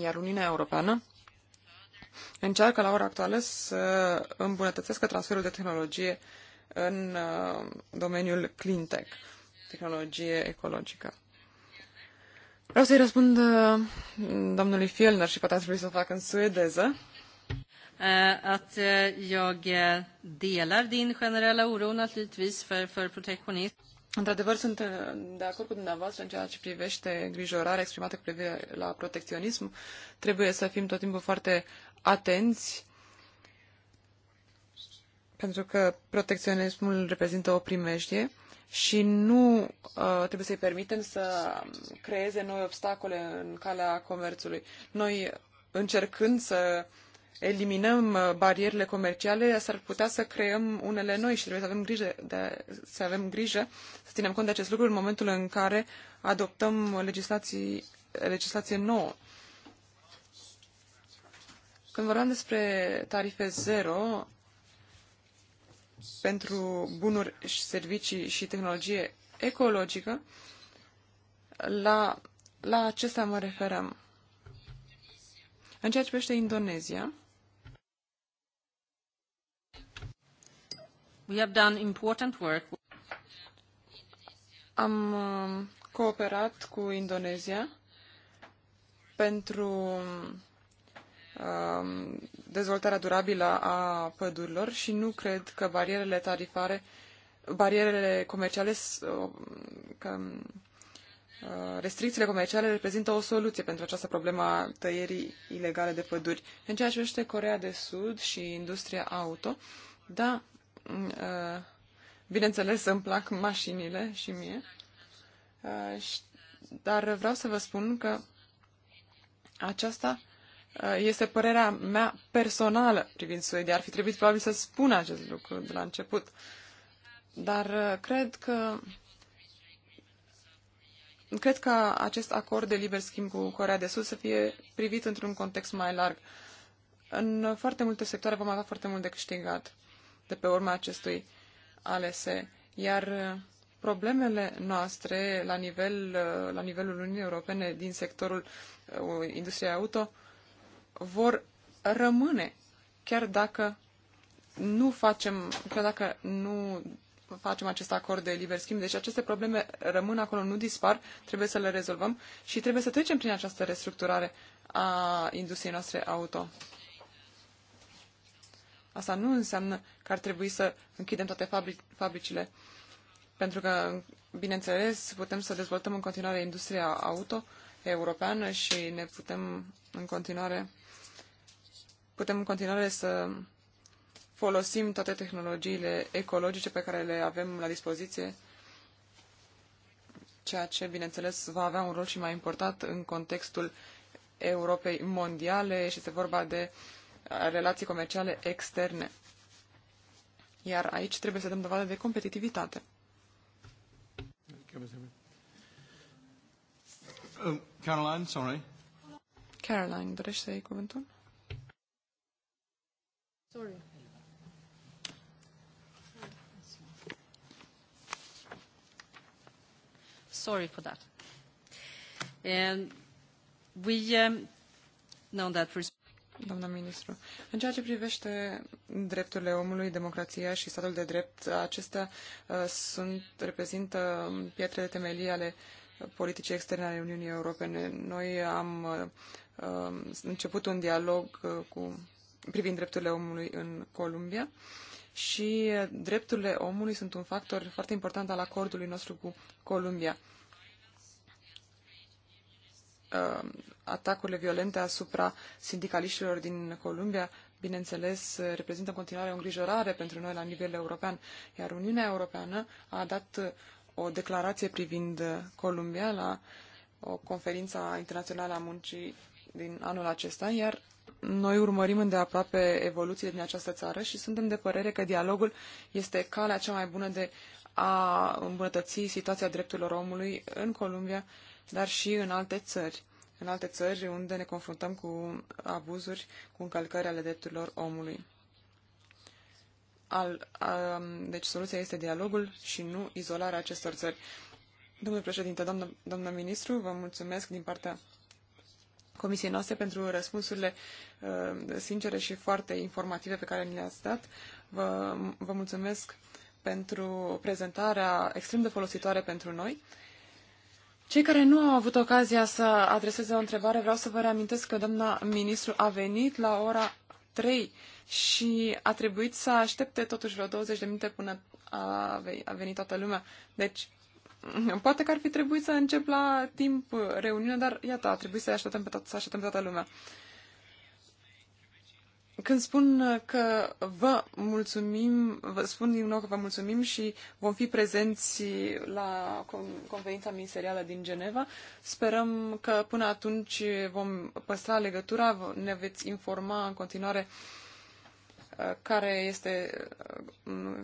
Iar Uniunea Europeană încearcă la ora actuală să îmbunătățească transferul de tehnologie în uh, domeniul clean tech, tehnologie ecologică. Vreau să-i răspund uh, domnului Fielner și poate ați vrea să o fac în suedeză. Uh, att jag eh, delar din generella oro naturligtvis för, för protektionism. Într-adevăr, sunt uh, de acord cu dumneavoastră în ceea ce privește îngrijorarea exprimată cu privire la protecționism. Trebuie să fim tot timpul foarte atenți pentru că protecționismul reprezintă o primejdie și nu uh, trebuie să-i permitem să creeze noi obstacole în calea comerțului. Noi, încercând să uh, eliminăm uh, barierele comerciale, s-ar putea să creăm unele noi și trebuie să avem grijă, de, să avem grijă să ținem cont de acest lucru în momentul în care adoptăm legislații, legislație nouă. Când vorbeam despre tarife zero pentru bunuri și servicii și tehnologie ecologică, la, la acesta mă referam. În ceea ce privește Indonezia, Am um, cooperat cu Indonezia pentru um, dezvoltarea durabilă a pădurilor și nu cred că barierele tarifare, barierele comerciale, um, că restricțiile comerciale reprezintă o soluție pentru această problemă a tăierii ilegale de păduri. În ceea ce privește Corea de Sud și industria auto, da, Uh, bineînțeles, îmi plac mașinile și mie, uh, dar vreau să vă spun că aceasta uh, este părerea mea personală privind Suedia. Ar fi trebuit probabil să spun acest lucru de la început. Dar cred că cred că acest acord de liber schimb cu Corea de Sud să fie privit într-un context mai larg. În foarte multe sectoare vom avea foarte mult de câștigat de pe urma acestui ALS. Iar uh, problemele noastre la, nivel, uh, la nivelul Uniunii Europene din sectorul uh, industriei auto vor rămâne chiar dacă nu facem, chiar dacă nu facem acest acord de liber schimb. Deci aceste probleme rămân acolo, nu dispar, trebuie să le rezolvăm și trebuie să trecem prin această restructurare a industriei noastre auto. Asta nu înseamnă că ar trebui să închidem toate fabric fabricile, pentru că, bineînțeles, putem să dezvoltăm în continuare industria auto europeană și ne putem în continuare putem în continuare să folosim toate tehnologiile ecologice pe care le avem la dispoziție, ceea ce, bineînțeles, va avea un rol și mai important în contextul Europei mondiale și este vorba de uh, relații comerciale externe. Iar aici trebuie să dăm dovadă de competitivitate. Um, Caroline, sorry. Caroline, dorești să iei cuvântul? Sorry. Sorry for that. And we um, know that doamna ministru. În ceea ce privește drepturile omului, democrația și statul de drept, acestea uh, sunt, reprezintă pietrele temelii ale politicii externe ale Uniunii Europene. Noi am uh, început un dialog uh, cu, privind drepturile omului în Columbia și drepturile omului sunt un factor foarte important al acordului nostru cu Columbia. Um, atacurile violente asupra sindicaliștilor din Columbia, bineînțeles, reprezintă în continuare o îngrijorare pentru noi la nivel european, iar Uniunea Europeană a dat o declarație privind Columbia la o conferință internațională a muncii din anul acesta, iar noi urmărim îndeaproape evoluțiile din această țară și suntem de părere că dialogul este calea cea mai bună de a îmbunătăți situația drepturilor omului în Columbia dar și în alte țări. În alte țări unde ne confruntăm cu abuzuri, cu încălcări ale drepturilor omului. Al, a, deci soluția este dialogul și nu izolarea acestor țări. Domnule președinte, doamnă, doamnă ministru, vă mulțumesc din partea comisiei noastre pentru răspunsurile uh, sincere și foarte informative pe care ni le-ați dat. Vă, vă mulțumesc pentru prezentarea extrem de folositoare pentru noi cei care nu au avut ocazia să adreseze o întrebare, vreau să vă reamintesc că doamna ministru a venit la ora 3 și a trebuit să aștepte totuși vreo 20 de minute până a venit toată lumea. Deci, poate că ar fi trebuit să încep la timp reuniunea, dar iată, a trebuit să așteptăm pe toată, să așteptăm pe toată lumea. Când spun uh, că vă mulțumim, vă spun din nou că vă mulțumim și vom fi prezenți la conferința ministerială din Geneva. Sperăm că până atunci vom păstra legătura, ne veți informa în continuare uh, care este, uh,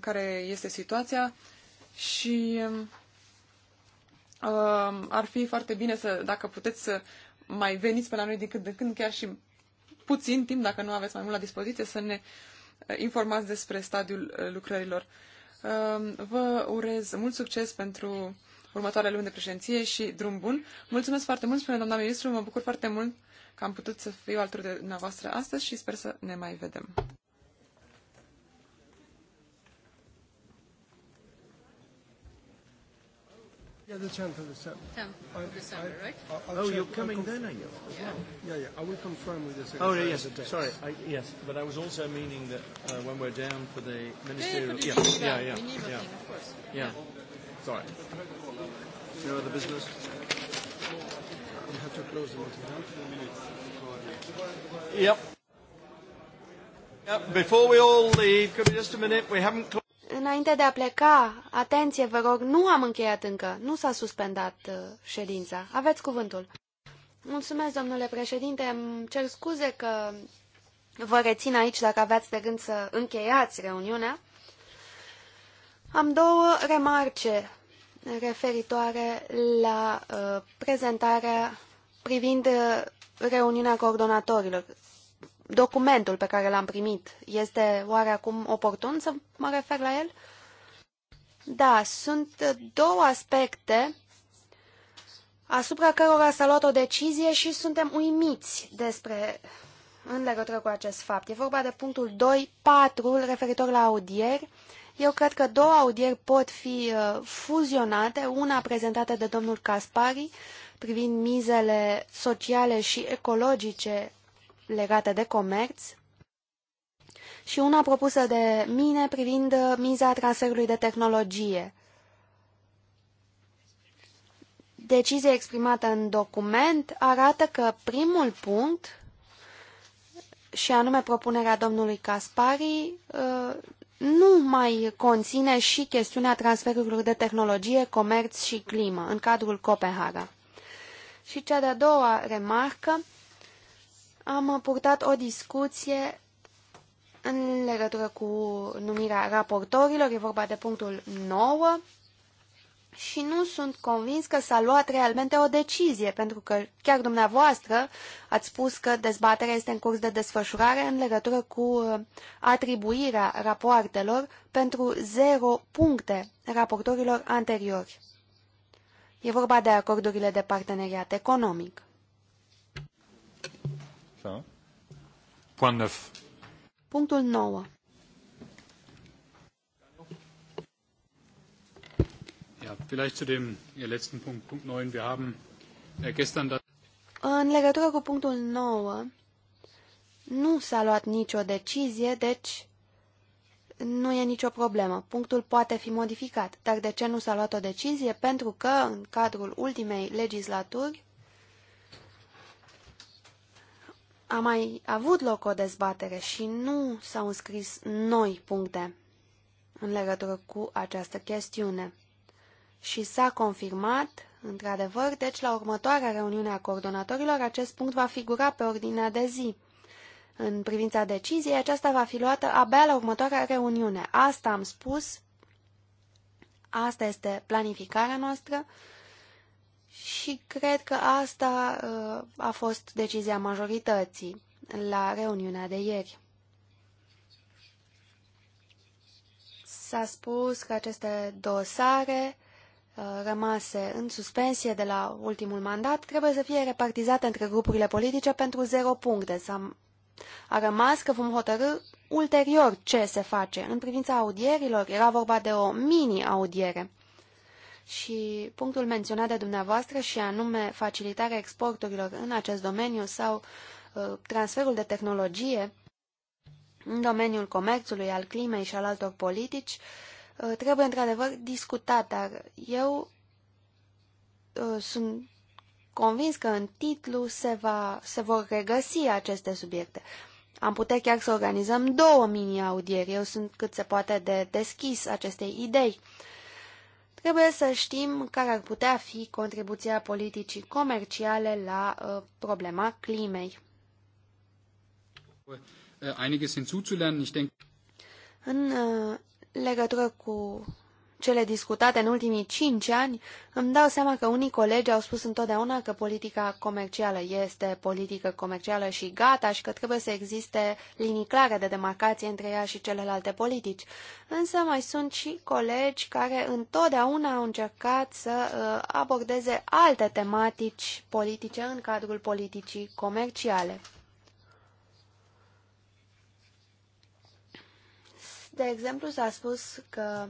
care este situația și um, ar fi foarte bine să, dacă puteți să mai veniți pe la noi din când în când, chiar și puțin timp, dacă nu aveți mai mult la dispoziție, să ne uh, informați despre stadiul uh, lucrărilor. Um, vă urez mult succes pentru următoarele luni de președinție și drum bun. Mulțumesc foarte mult, spune doamna ministru, mă bucur foarte mult că am putut să fiu alături de dumneavoastră astăzi și sper să ne mai vedem. Yeah, the 10th of December. 10th of December, I, right? I'll oh, you're coming then, are you? Yeah. yeah, yeah. I will confirm with the oh, secretary. Oh, yeah, yes. Sorry, I, yes, but I was also meaning that uh, when we're down for the ministerial, yeah, yeah, yeah, yeah, yeah, yeah. Thing, of course. yeah. yeah. Sorry. No other business. We have to close the meeting. Yep. Yep. Before we all leave, could we just a minute? We haven't. Înainte de a pleca, atenție, vă rog, nu am încheiat încă, nu s-a suspendat uh, ședința. Aveți cuvântul. Mulțumesc, domnule președinte, îmi cer scuze că vă rețin aici dacă aveați de gând să încheiați reuniunea. Am două remarce referitoare la uh, prezentarea privind uh, reuniunea coordonatorilor documentul pe care l-am primit este oare acum oportun să mă refer la el? Da, sunt două aspecte asupra cărora s-a luat o decizie și suntem uimiți despre în legătură cu acest fapt. E vorba de punctul 2.4 referitor la audieri. Eu cred că două audieri pot fi uh, fuzionate, una prezentată de domnul Caspari privind mizele sociale și ecologice legate de comerț și una propusă de mine privind uh, miza transferului de tehnologie. Decizia exprimată în document arată că primul punct, și anume propunerea domnului Caspari, uh, nu mai conține și chestiunea transferurilor de tehnologie, comerț și climă în cadrul Copenhaga. Și cea de-a doua remarcă am purtat o discuție în legătură cu numirea raportorilor, e vorba de punctul 9, și nu sunt convins că s-a luat realmente o decizie, pentru că chiar dumneavoastră ați spus că dezbaterea este în curs de desfășurare în legătură cu uh, atribuirea rapoartelor pentru zero puncte raportorilor anteriori. E vorba de acordurile de parteneriat economic. 9. Punctul 9. Ja, vielleicht zu dem Ihr letzten Punkt, Punkt 9. Wir haben äh, gestern da în legătură cu punctul 9, nu s-a luat nicio decizie, deci nu e nicio problemă. Punctul poate fi modificat. Dar de ce nu s-a luat o decizie? Pentru că, în cadrul ultimei legislaturi, a mai avut loc o dezbatere și nu s-au înscris noi puncte în legătură cu această chestiune. Și s-a confirmat, într-adevăr, deci la următoarea reuniune a coordonatorilor acest punct va figura pe ordinea de zi. În privința deciziei, aceasta va fi luată abia la următoarea reuniune. Asta am spus, asta este planificarea noastră și cred că asta uh, a fost decizia majorității la reuniunea de ieri. S-a spus că aceste dosare uh, rămase în suspensie de la ultimul mandat trebuie să fie repartizate între grupurile politice pentru zero puncte. S-a, a rămas că vom hotărâ ulterior ce se face. În privința audierilor era vorba de o mini-audiere și punctul menționat de dumneavoastră și anume facilitarea exporturilor în acest domeniu sau uh, transferul de tehnologie în domeniul comerțului, al climei și al altor politici, uh, trebuie într-adevăr discutat, dar eu uh, sunt convins că în titlu se, va, se vor regăsi aceste subiecte. Am putea chiar să organizăm două mini-audieri. Eu sunt cât se poate de deschis acestei idei. Uh, Trebuie să știm care ar putea fi contribuția politicii comerciale la uh, problema climei. În uh, legătură cu cele discutate în ultimii cinci ani, îmi dau seama că unii colegi au spus întotdeauna că politica comercială este politică comercială și gata și că trebuie să existe linii clare de demarcație între ea și celelalte politici. Însă mai sunt și colegi care întotdeauna au încercat să uh, abordeze alte tematici politice în cadrul politicii comerciale. De exemplu, s-a spus că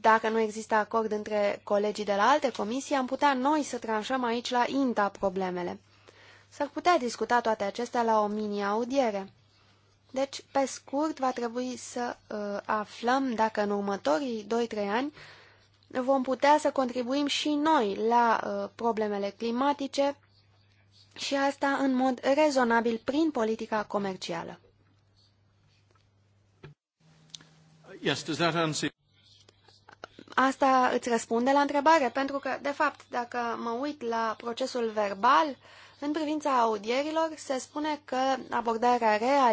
dacă nu există acord între colegii de la alte comisii, am putea noi să tranșăm aici la INTA problemele. S-ar putea discuta toate acestea la o mini-audiere. Deci, pe scurt, va trebui să uh, aflăm dacă în următorii 2-3 ani vom putea să contribuim și noi la uh, problemele climatice și asta în mod rezonabil prin politica comercială. Yes, does that answer... Asta îți răspunde la întrebare, pentru că, de fapt, dacă mă uit la procesul verbal, în privința audierilor, se spune că abordarea